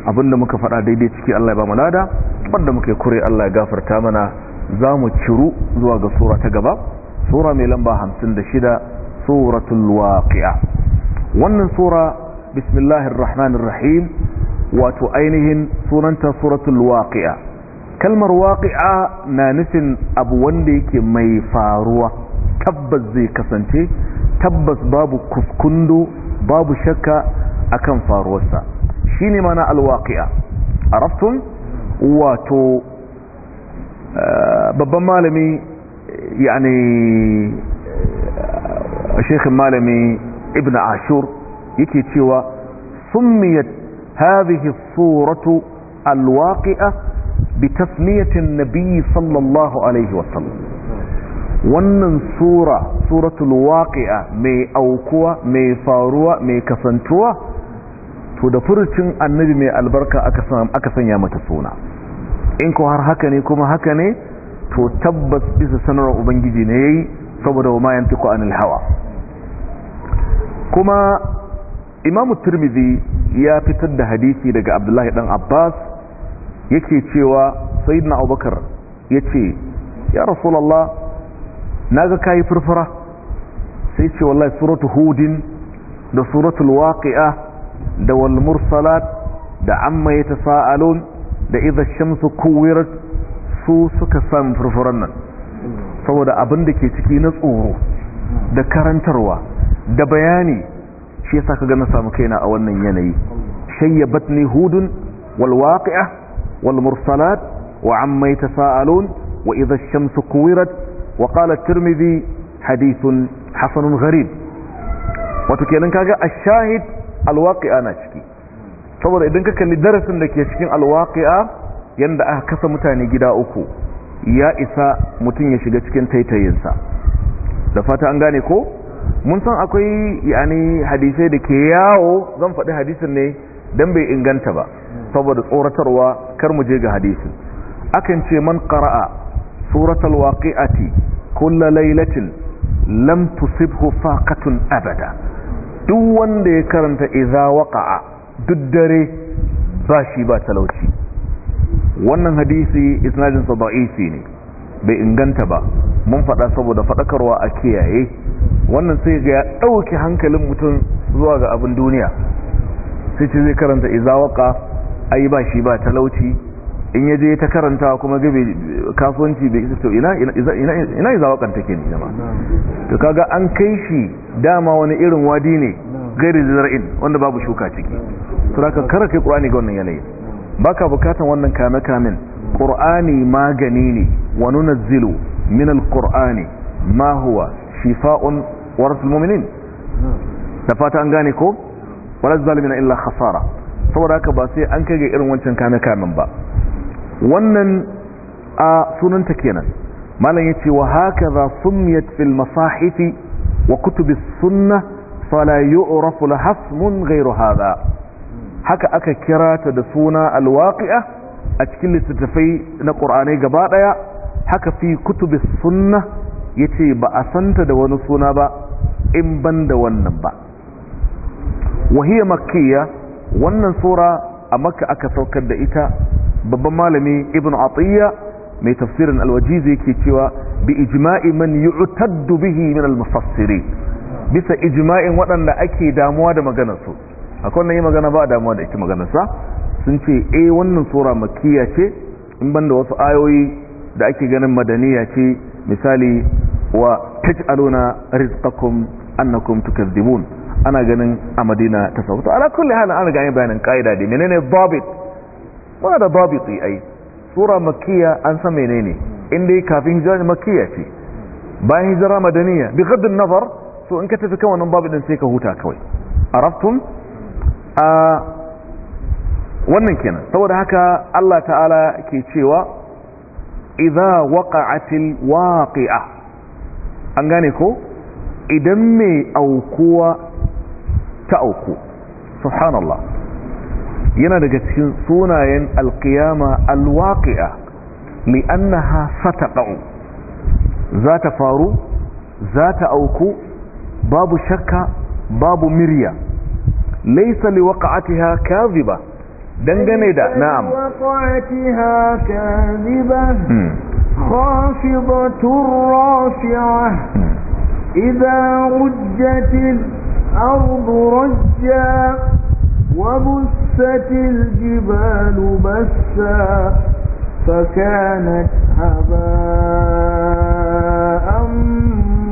abinda muka fada daidai ciki Allah ya ba mu lada wanda muka yi kure Allah ya gafarta mana zamu ciru zuwa ga sura ta gaba sura mai lamba 56 suratul waqi'a wannan sura bismillahir rahmanir rahim wato ainihin sunanta suratul waqi'a kalmar waqi'a na nufin abu wanda yake mai faruwa tabbas zai kasance tabbas babu kuskundo babu shakka akan faruwarsa شيني مانا الواقعة عرفتم واتو آه، بابا مالمي يعني الشيخ آه، مالمي ابن عاشور يكي تيوا سميت هذه الصورة الواقعة بتسمية النبي صلى الله عليه وسلم ونن صورة صورة الواقعة مي أوكوا مي فاروا مي كسنتوا to da furucin annabi mai albarka aka sanya mata suna in ko har haka ne kuma haka ne to tabbas bisa sanarwar ubangiji ne yayi saboda wa mayan tuku anil hawa kuma imamu turmizi ya fitar da hadisi daga abdullahi dan abbas yake cewa sayyidina abubakar ya ce ya rasulallah na ga kayi furfura sai ce wallahi suratu hudin da suratul waqi'ah da wal da amma ya tafa'alun da idha shamsu kuwirat su suka samu furfuran nan saboda abin da ke ciki na tsoro da karantarwa da bayani shi yasa kaga na samu kaina a wannan yanayi shayyabatni hudun wal waqi'ah wal mursalat wa amma yatasaalun wa idha ash-shamsu kuwirat wa qala at-tirmidhi hadithun hasanun gharib wato kenan kaga a shahid alwaƙi'a na ciki saboda idan ka kalli darasin da ke cikin alwaƙi'a yadda aka kasa mutane gida uku ya isa mutum ya shiga cikin taitayinsa da fata an gane ko mun san akwai yani hadisai da ke yawo zan faɗi hadisin ne don bai inganta ba saboda tsoratarwa kar mu je ga hadisin akan ce man qara'a suratul waqi'ati kulla lailatin lam tusibhu faqatun abada duk wanda ya karanta idza waqa'a duk dare ba shi ba talauci wannan hadisi isnadin sa da'isi ne bai inganta ba mun faɗa saboda faɗakarwa a kiyaye wannan sai ga ya ɗauki hankalin mutum zuwa ga abin duniya sai ce zai karanta izawaka ai ba shi ba talauci in ya je ta karanta kuma gabe kasuwanci bai isa to ina ina izawa kanta ke ne ma to kaga an kai shi dama wani irin wadi ne gairi zar'in wanda babu shuka ciki to haka kar kai qur'ani ga wannan yanayi baka bukatan wannan kame kamen qur'ani magani ne wa nunazzilu min alqur'ani ma huwa shifaa'un wa rasul mu'minin da fata an gane ko wala zalimin illa khasara saboda haka ba sai an kai ga irin wancan kame kamen ba wannan a sunanta kenan malam yace wa hakaza sumiyat fil masahifi wa kutubi sunna fala yu'rafu hasmun ghayru hadha haka aka kira ta da suna alwaqi'a a cikin littattafai na qur'anai gaba daya haka fi kutubis sunnah yace ba a santa da wani suna ba in banda wannan ba wa hiya wannan sura a makka aka saukar da ita babban malami ibn atiyya mai tafsirin alwajizi yake cewa bi ijma'i man yu'taddu bihi min al mufassiri bisa ijma'in waɗanda ake damuwa da maganar su akwai wannan yi magana ba damuwa da ita maganar sa sun ce eh wannan sura makkiya ce in banda wasu ayoyi da ake ganin madaniya ce misali wa taj'aluna rizqakum annakum tukazzibun ana ganin a madina ta sauka ala kulli halin ana ga yin bayanin kaida da menene babit ba da babu ai sura makkiya an san menene inda ya kafin hijira makiya ce bayan hijira madaniya bi gaddin nazar so in ka tafi kan wannan babu din sai ka huta kawai araftum a wannan kenan saboda haka Allah ta'ala ke cewa idza waqa'atil waqi'a an gane ko idan mai aukuwa ta auku subhanallah yana daga cikin sunayen alkiyama alwaƙi'a li'annaha sataqa'u za ta faru za ta auku babu shakka babu mirya laysa liwaqa'atiha kadhiba dangane da na'am waqa'atiha kadhiba hmm. khafidatu rafi'a hmm. idza rujjatil ardu rajja وبست الجبال بسا فكانت هباء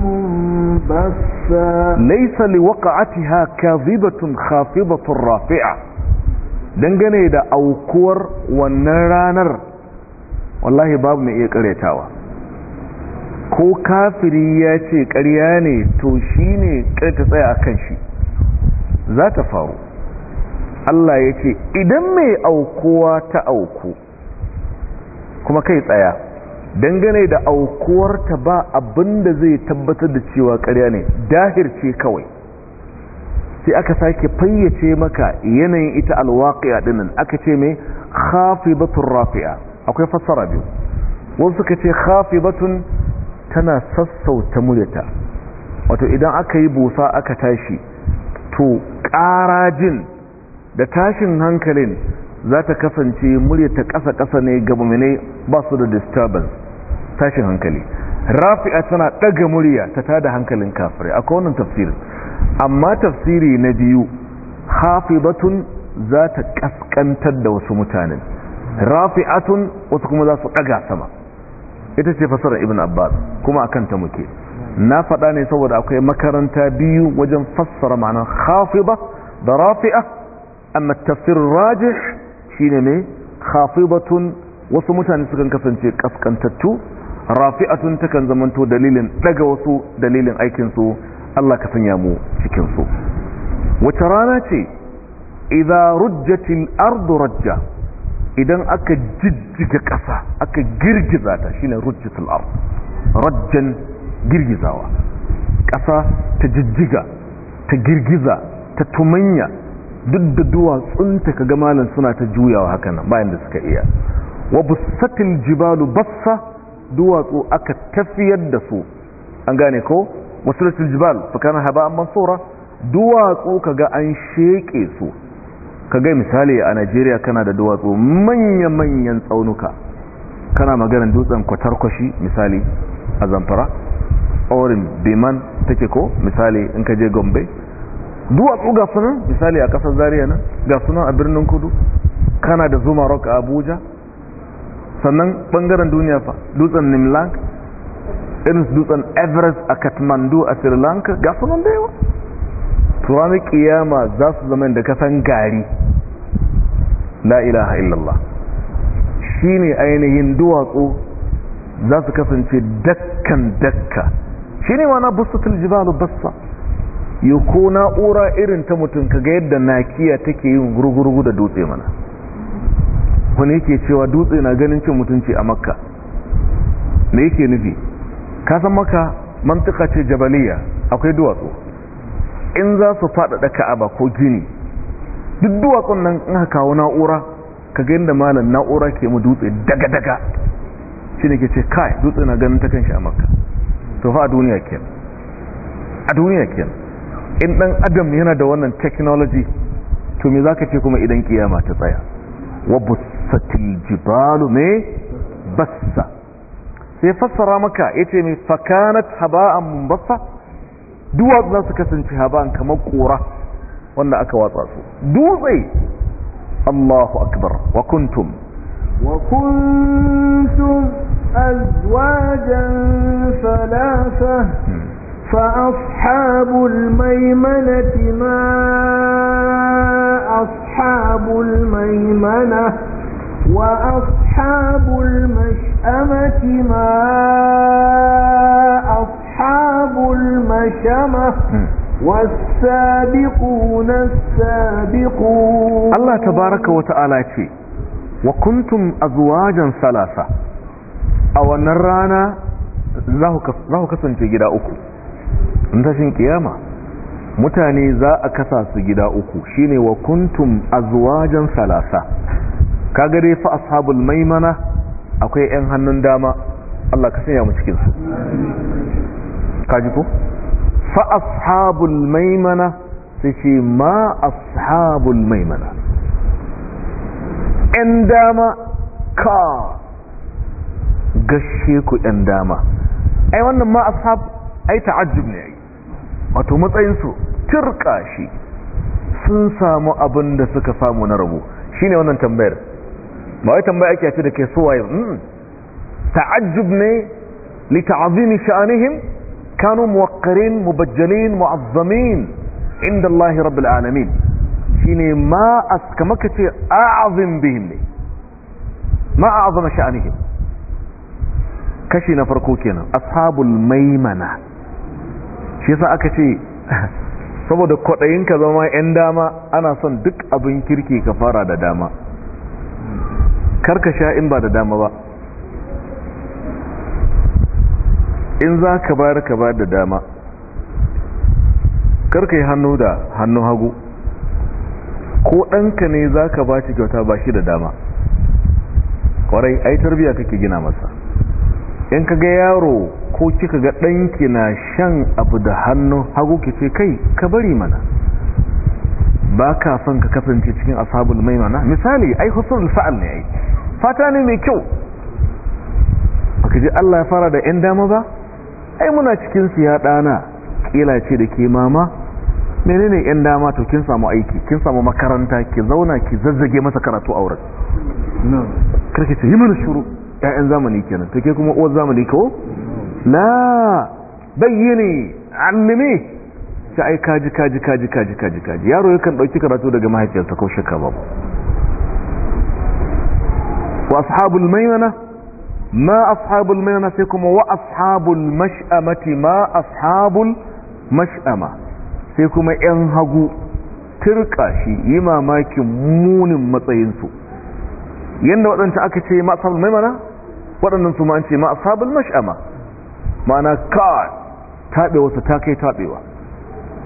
منبسا ليس لوقعتها كاذبة خافضة رافعة dangane da aukuwar wannan ranar wallahi babu mai iya karyatawa ko kafiri ya ce karya ne to shi ne ta tsaya a kan shi za ta faru Allah ya ce idan mai aukuwa ta auku kuma kai tsaya dangane da aukuwarta ba abin da zai tabbatar da cewa ƙarya ne dahir ce kawai sai aka sake fayyace maka yanayin ita alwaƙiya ɗinnan aka ce mai batun rafi'a akwai fassara biyu wasu suka ce batun tana sassauta muryata wato idan aka yi busa aka tashi to ƙarajin da tashin hankalin za ta kasance murya ta ƙasa-ƙasa ne ga mummune ba su da disturbance tashin hankali rafi'a tana ɗaga murya ta da hankalin kafirai a kowanne tafsirin amma tafsiri na biyu hafibatun za ta ƙasƙantar da wasu mutanen rafi'atun wasu kuma za su ɗaga sama ita ce fasara ibn abbas kuma akan ta muke na faɗa ne saboda akwai makaranta biyu wajen fassara ma'anar hafiba da rafi'a amma tafsir rajih shine ne khafibatun wasu mutane suka kasance kaskantattu rafi'atun ta takan zamanto dalilin daga wasu dalilin aikin su Allah ka sanya mu cikin su wace rana ce idza rujjatil ardu rajja idan aka jijjiga kasa aka girgiza ta shine rujjatul ard rajjan girgizawa kasa ta jijjiga ta girgiza ta tumanya duk da ta ka malam suna ta juyawa hakan nan bayan da suka iya wa busatil jibalu bassa duwatsu aka tafiyar da su an gane ko wasulatul jibal haba an mansura duwatsu kaga an sheke su kaga misali a Najeriya kana da duwatsu manya-manyan tsaunuka kana maganar dutsen kwatarkwashi misali a Zamfara orin biman take ko misali in ka je Gombe duwatsu ga sunan misali a kasar zariya nan ga sunan a birnin kudu kana da zuma rock a abuja sannan bangaren duniya fa dutsen nimlang irin dutsen everest a kathmandu a sri lanka ga sunan da yawa turanin kiyama za su zama da kasan gari la ilaha illallah shi ne ainihin duwatsu za su kasance dakkan dakka shi ne wana bustatul jibalu bassa yi ko na'ura irin ta mutum ka ga yadda nakiya take yin gurgurgu da dutse mana wani yake cewa dutse na ganin cin mutunci a makka na yake nufi kasan maka mantuka ce jabaliya akwai duwatsu in za su faɗaɗa ka'aba ko gini duk duwatsun nan in haka kawo na'ura ka ga yadda malam na'ura ke mu dutse daga-daga shi ne ke ce kai dutse na ganin ta kanshi a makka to fa a duniya kenan a duniya kenan in ɗan adam yana da wannan technology to me zaka ce kuma idan kiyama ta tsaya wa bussatil jibalu me bassa sai fassara maka yace me fakanat haba'an munbassa duwatsu za su kasance haba'an kamar kura wanda aka watsa su dutse Allahu akbar wa kuntum wa kuntum azwajan thalatha hmm. فأصحاب الميمنة ما أصحاب الميمنة وأصحاب المشأمة ما أصحاب المشأمة والسابقون السابقون الله تبارك وتعالى يقول وكنتم أزواجا ثلاثة أو نرانا ذهو كسنت في جراؤكم in tashin kiyama mutane za a kasa su gida uku shine wa kuntum azwajan salasa kaga dai fa ashabul maimana akwai yan hannun dama Allah ka sanya mu cikin su kaji ko fa ashabul maimana sai ce ma ashabul maimana yan dama ka gashe ku yan dama ai wannan ma ashab ai ta'ajjub ne ai wato matsayinsu turka shi sun samu abin da suka samu na rabo shine wannan tambayar ba wai tambaya ake ce da ke so hmm. ta'ajjub ne li ta'zimi sha'anihim kanu muwaqqirin mubajjalin mu'azzamin inda Allah rabbil alamin shine ma askamaka ce a'zim bihim ne ma sha'anihim kashi na farko kenan ashabul maimana shi yasa aka ce saboda kwaɗayin ka zama 'yan dama ana son duk abin kirki ka fara da dama karka sha in ba da dama ba in za ka bayar ka bayar da dama karka yi hannu da hannu hagu ko ɗanka ne za ka ba shi kyauta ba shi da dama ƙwarai ai tarbiyya kake gina masa in ka ga yaro ko kika ga ɗanki na shan abu da hannu hagu ki ce kai ka bari mana ba ka son ka kasance cikin mai mana. misali ai husnul fa'al ne ai fata ne mai kyau baka ji Allah ya fara da ƴan dama ba ai muna cikin su ya dana kila ce da ke mama menene yan dama to kin samu aiki kin samu makaranta ki zauna ki zazzage masa karatu a wurin karki ce yi mana shuru Ya'yan zamani kenan take ke kuma uwar zamani ko la bayyini allimi ta ai kaji kaji kaji kaji kaji kaji yaro yakan ɗauki karatu daga mahaifiyarsa ko shakka babu wa ashabul maimana ma ashabul maimana sai kuma wa ashabul mash'amati ma ashabul mash'ama sai kuma yan hagu turka shi yi mamakin munin matsayinsu yadda waɗanta aka ce ma ashabul maimana waɗannan su ma an ce mash'ama ma'ana ka taɓewarsa ta kai taɓewa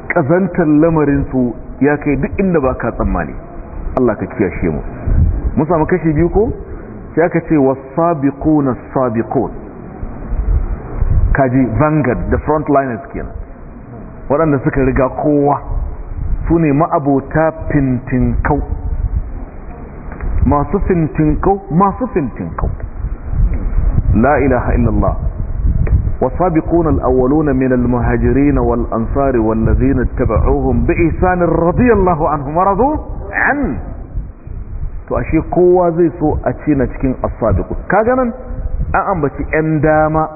ƙazantar lamarinsu ya kai duk inda ba ka tsammani Allah ka kiyashe mu mu samu kashi biyu ko sai aka ce na sabiqun kaji vangard da frontliners kenan waɗanda suka riga kowa su ne ma'abota fintinkau masu fintinkau masu fintinkau la ilaha illallah والسابقون الأولون من المهاجرين والأنصار والذين اتبعوهم بإحسان رضي الله عنهم ورضوا عنه to ashe kowa zai so a ce na cikin asabiqun kaga nan a'a ambaci yan dama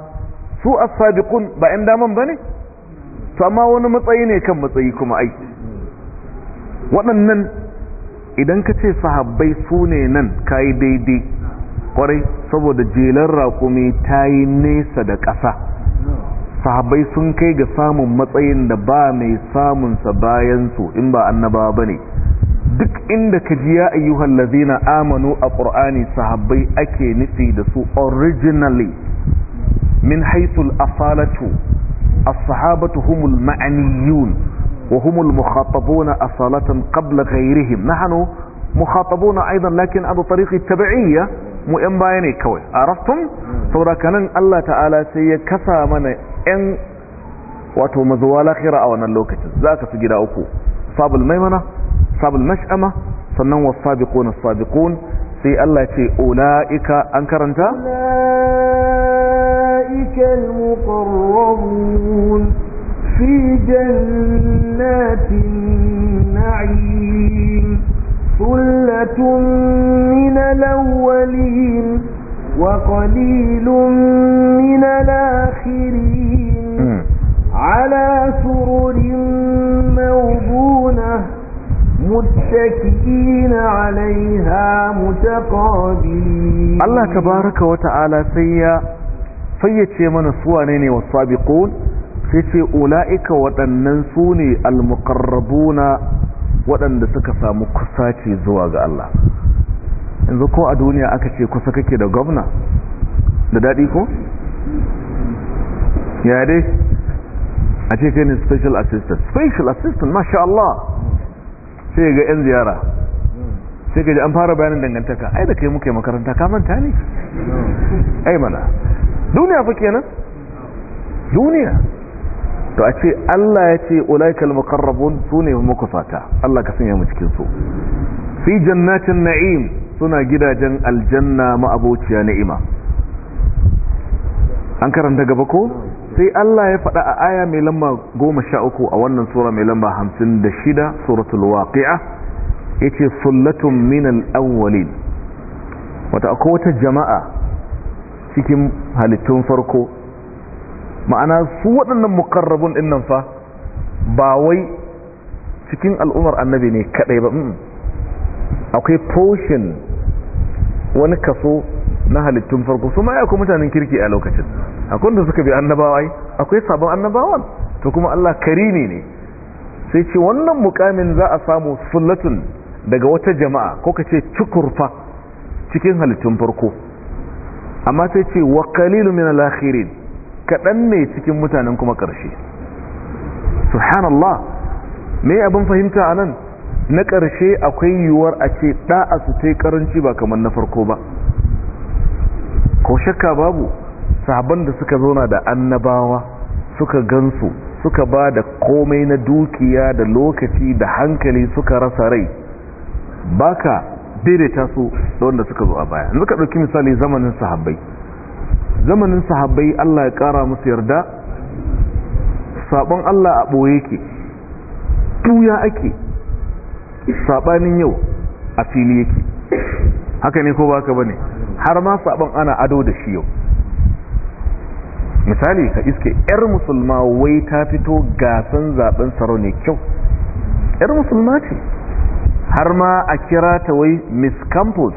su asabiqun ba yan daman bane to amma wani matsayi ne kan matsayi kuma ai waɗannan idan kace ce sahabbai su ne nan kayi daidai kwarai saboda jelar raƙumi ta yi nesa da ƙasa sahabai sun kai ga samun matsayin da ba mai samunsa bayansu in ba annaba ba ne duk inda ka ji ya ayyuhan lazina amanu a ƙur'ani sahabai ake nufi da su originally min haisul asalatu as-sahabatu humul ma'aniyun wa humul mukhatabuna asalatan qabla ghayrihim nahnu mukhatabuna aidan lakin abu tariqi tabi'iyya mu yan baya ne kawai araftum saboda nan Allah ta'ala sai ya kasa mana yan wato mazuwa lahira a wannan lokacin za ka su gida uku sabul maimana sabul mash'ama sannan wasabiquna sabiqun sai Allah ya ce ulaika an karanta ulaika muqarrabun fi jannatin na'im ثلة من الأولين وقليل من الآخرين على سرر موضونة متكئين عليها متقابلين الله تبارك وتعالى سيا fayyace من الصوانين والسابقون في أولئك وتننسوني المقربون waɗanda suka samu kusaci zuwa ga Allah yanzu ko a duniya aka ce kusa kake da gwamna da daɗi ko? ya dai a ce kai ne special assistant special assistant masha Allah sai ga 'yan ziyara sai ga ji an fara bayanin dangantaka ai da kai muka yi makaranta kamanta ne ai mana duniya fa kenan duniya to a ce Allah ya ce ulaikal muqarrabun sune mukafata Allah ka sanya mu cikin su fi jannatin na'im suna gidajen aljanna abociya ni'ima an karanta gaba ko sai Allah ya faɗa a aya mai lamba goma sha uku a wannan sura mai lamba hamsin da shida suratul waqi'a yace sullatun minal awwalin wata akwai wata jama'a cikin halittun farko ma'ana su waɗannan mukarrabun ɗin nan fa ba wai cikin al'ummar annabi ne kaɗai ba akwai foshin wani kaso na halittun farko su ma ya kuma mutanen kirki a lokacin akwai da suka bi annabawa ai akwai sabon annabawan to kuma Allah karimi ne sai ce wannan mukamin za a samu sullatun daga wata jama'a ko ka ce cukurfa cikin halittun farko amma sai ce wa kalilu min al kaɗan ne cikin mutanen kuma ƙarshe subhanallah me abin fahimta a nan na ƙarshe akwai yiwuwar a ce ɗa'a su ta ƙaranci ba kamar na farko ba ko shakka babu sahabban da suka zauna da annabawa suka gansu suka ba da komai na dukiya da lokaci da hankali suka rasa rai baka daidaita su da wanda suka zo a baya ka ɗauki misali zamanin sahabbai zamanin sahabbai Allah ya kara musu yarda sabon Allah a boye yake tuya ake sabanin yau a fili yake haka ne ko baka bane har ma sabon ana ado da shi yau misali ka iske yar musulma wai ta fito gasan zaben saro ne kyau yar musulma ce har ma a kira ta wai miss campus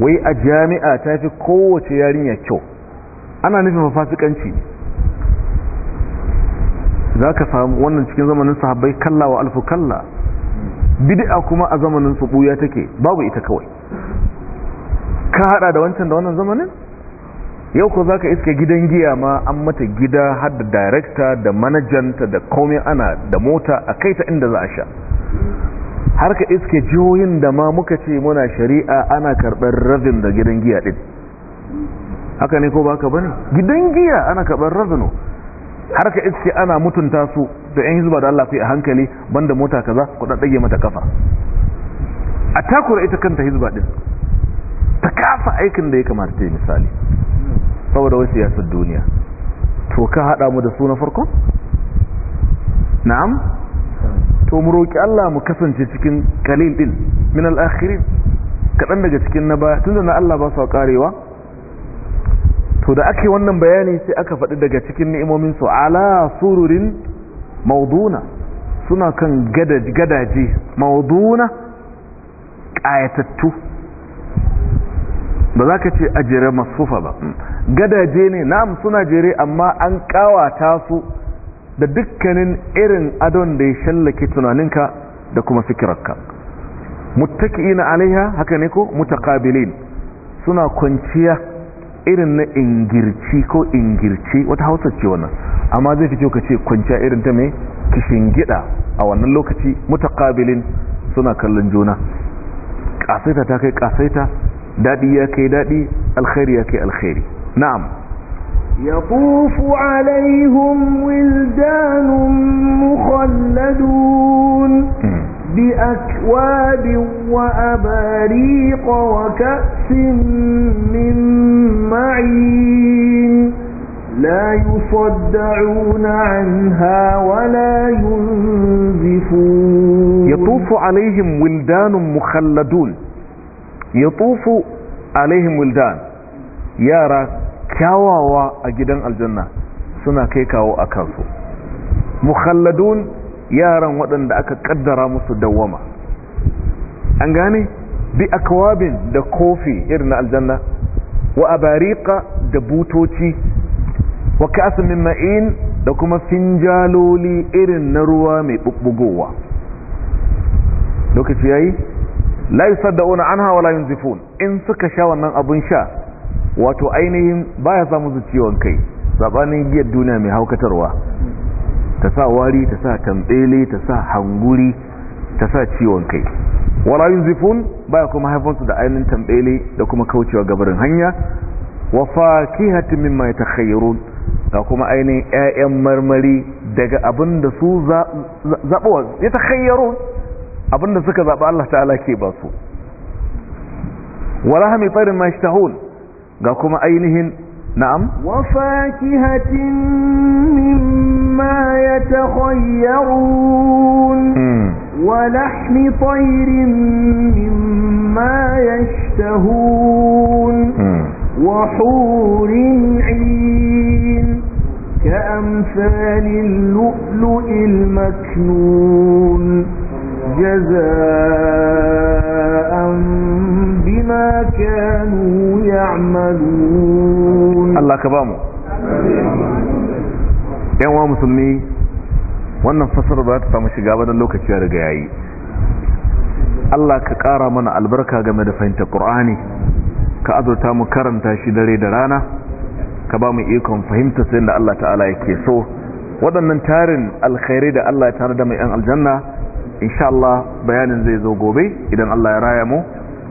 wai a jami'a ta fi kowace yarinya kyau ana nufin fasikanci za ka samu wannan cikin zamanin sahabbai kalla wa alfu kalla bid'a kuma a zamanin su buya take babu ita kawai ka hada da wancan da wannan zamanin yau ko za ka iske gidan giya ma an mata gida har da darekta da manajanta da komai ana da mota a kai ta inda za a sha har ka iske jihohin da ma muka ce muna shari'a ana karɓar rabin da gidan giya ɗin haka ne ko ba ka bane gidan giya ana karɓar revenue har ka iske ana mutunta su da yan hizba da Allah sai a hankali banda mota kaza ku da dage mata kafa a takura ita kanta hizba din ta kafa aikin da ya kamata ta yi misali saboda wasu siyasar duniya to ka haɗa mu da su na farko na'am to mu roki Allah mu kasance cikin kalil din min al kaɗan daga cikin na baya tunda na Allah ba su karewa to da ake wannan bayani sai aka faɗi daga cikin ni'imomin su ala sururin mauduna suna kan gadaje mauduna ƙayatattu ba za ka ce a jere masufa ba gadaje ne na'am suna jere amma an ƙawata su da dukkanin irin adon da ya shallake tunaninka da kuma fikirarka muttaki'ina alaiha haka ne ko mutakabilin suna kwanciya irin na ingirci ko ingirci wata hausa ce wannan amma zai fi kyau ka ce kwanciya irin ta mai kishin gida a wannan lokaci mutakabilin suna kallon juna kasaita ta kai kasaita daɗi ya kai daɗi alkhairi ya kai alkhairi na'am Ya يطوف alaihun ولدان مخلدون بأكواب وأباريق وكأس من معين لا يصدعون عنها ولا ينزفون يطوف عليهم ولدان مخلدون يطوف عليهم ولدان يرى كواوا أجدان الجنة سنة كيكاو أكاسو مخلدون yaran waɗanda aka ƙaddara musu dawwama an gane bi akwabin da kofi irin na aljanna wa abariqa da butoci wa ka'asin min ma'in da kuma finjaloli irin na ruwa mai ɓuɓɓugowa lokaci yayi la an hawa wala zifon in suka sha wannan abun sha wato ainihin baya samu su ciwon kai zaɓanin giyar duniya mai haukatarwa ta sa wari ta sa tambele ta sa hanguri ta sa ciwon kai wala yunzifun baya kuma su da ainihin tambele da kuma kaucewa gabarin hanya wa mai ta yatakhayyarun da kuma ainihin ƴaƴan marmari daga abinda su zaɓuwa ya ta khayyaro abinda suka zaɓa Allah ta'ala ke ba su wala hami tsarin mashtahun ga kuma ainihin نعم وفاكهة مما يتخيرون ولحم طير مما يشتهون وحور عين كأمثال اللؤلؤ المكنون جزاء بما yan wa musulmi wannan fasar ba ta samu shiga ba don lokaci ya riga yayi Allah ka ƙara mana albarka game da fahimtar Qur'ani ka azurta mu karanta shi dare da rana ka ba mu ikon fahimta sai da Allah ta'ala yake so waɗannan tarin alkhairi da Allah ya tare da mai yan aljanna insha Allah bayanin zai zo gobe idan Allah ya raya mu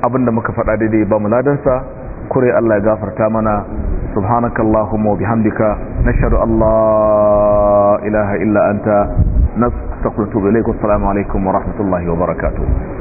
da muka faɗa daidai ba mu ladansa kure Allah ya gafarta mana subhanakallahumma wa bihamdika nashhadu an la ilaha illa anta nastaghfiruka wa atubu assalamu alaikum wa rahmatullahi wa barakatuh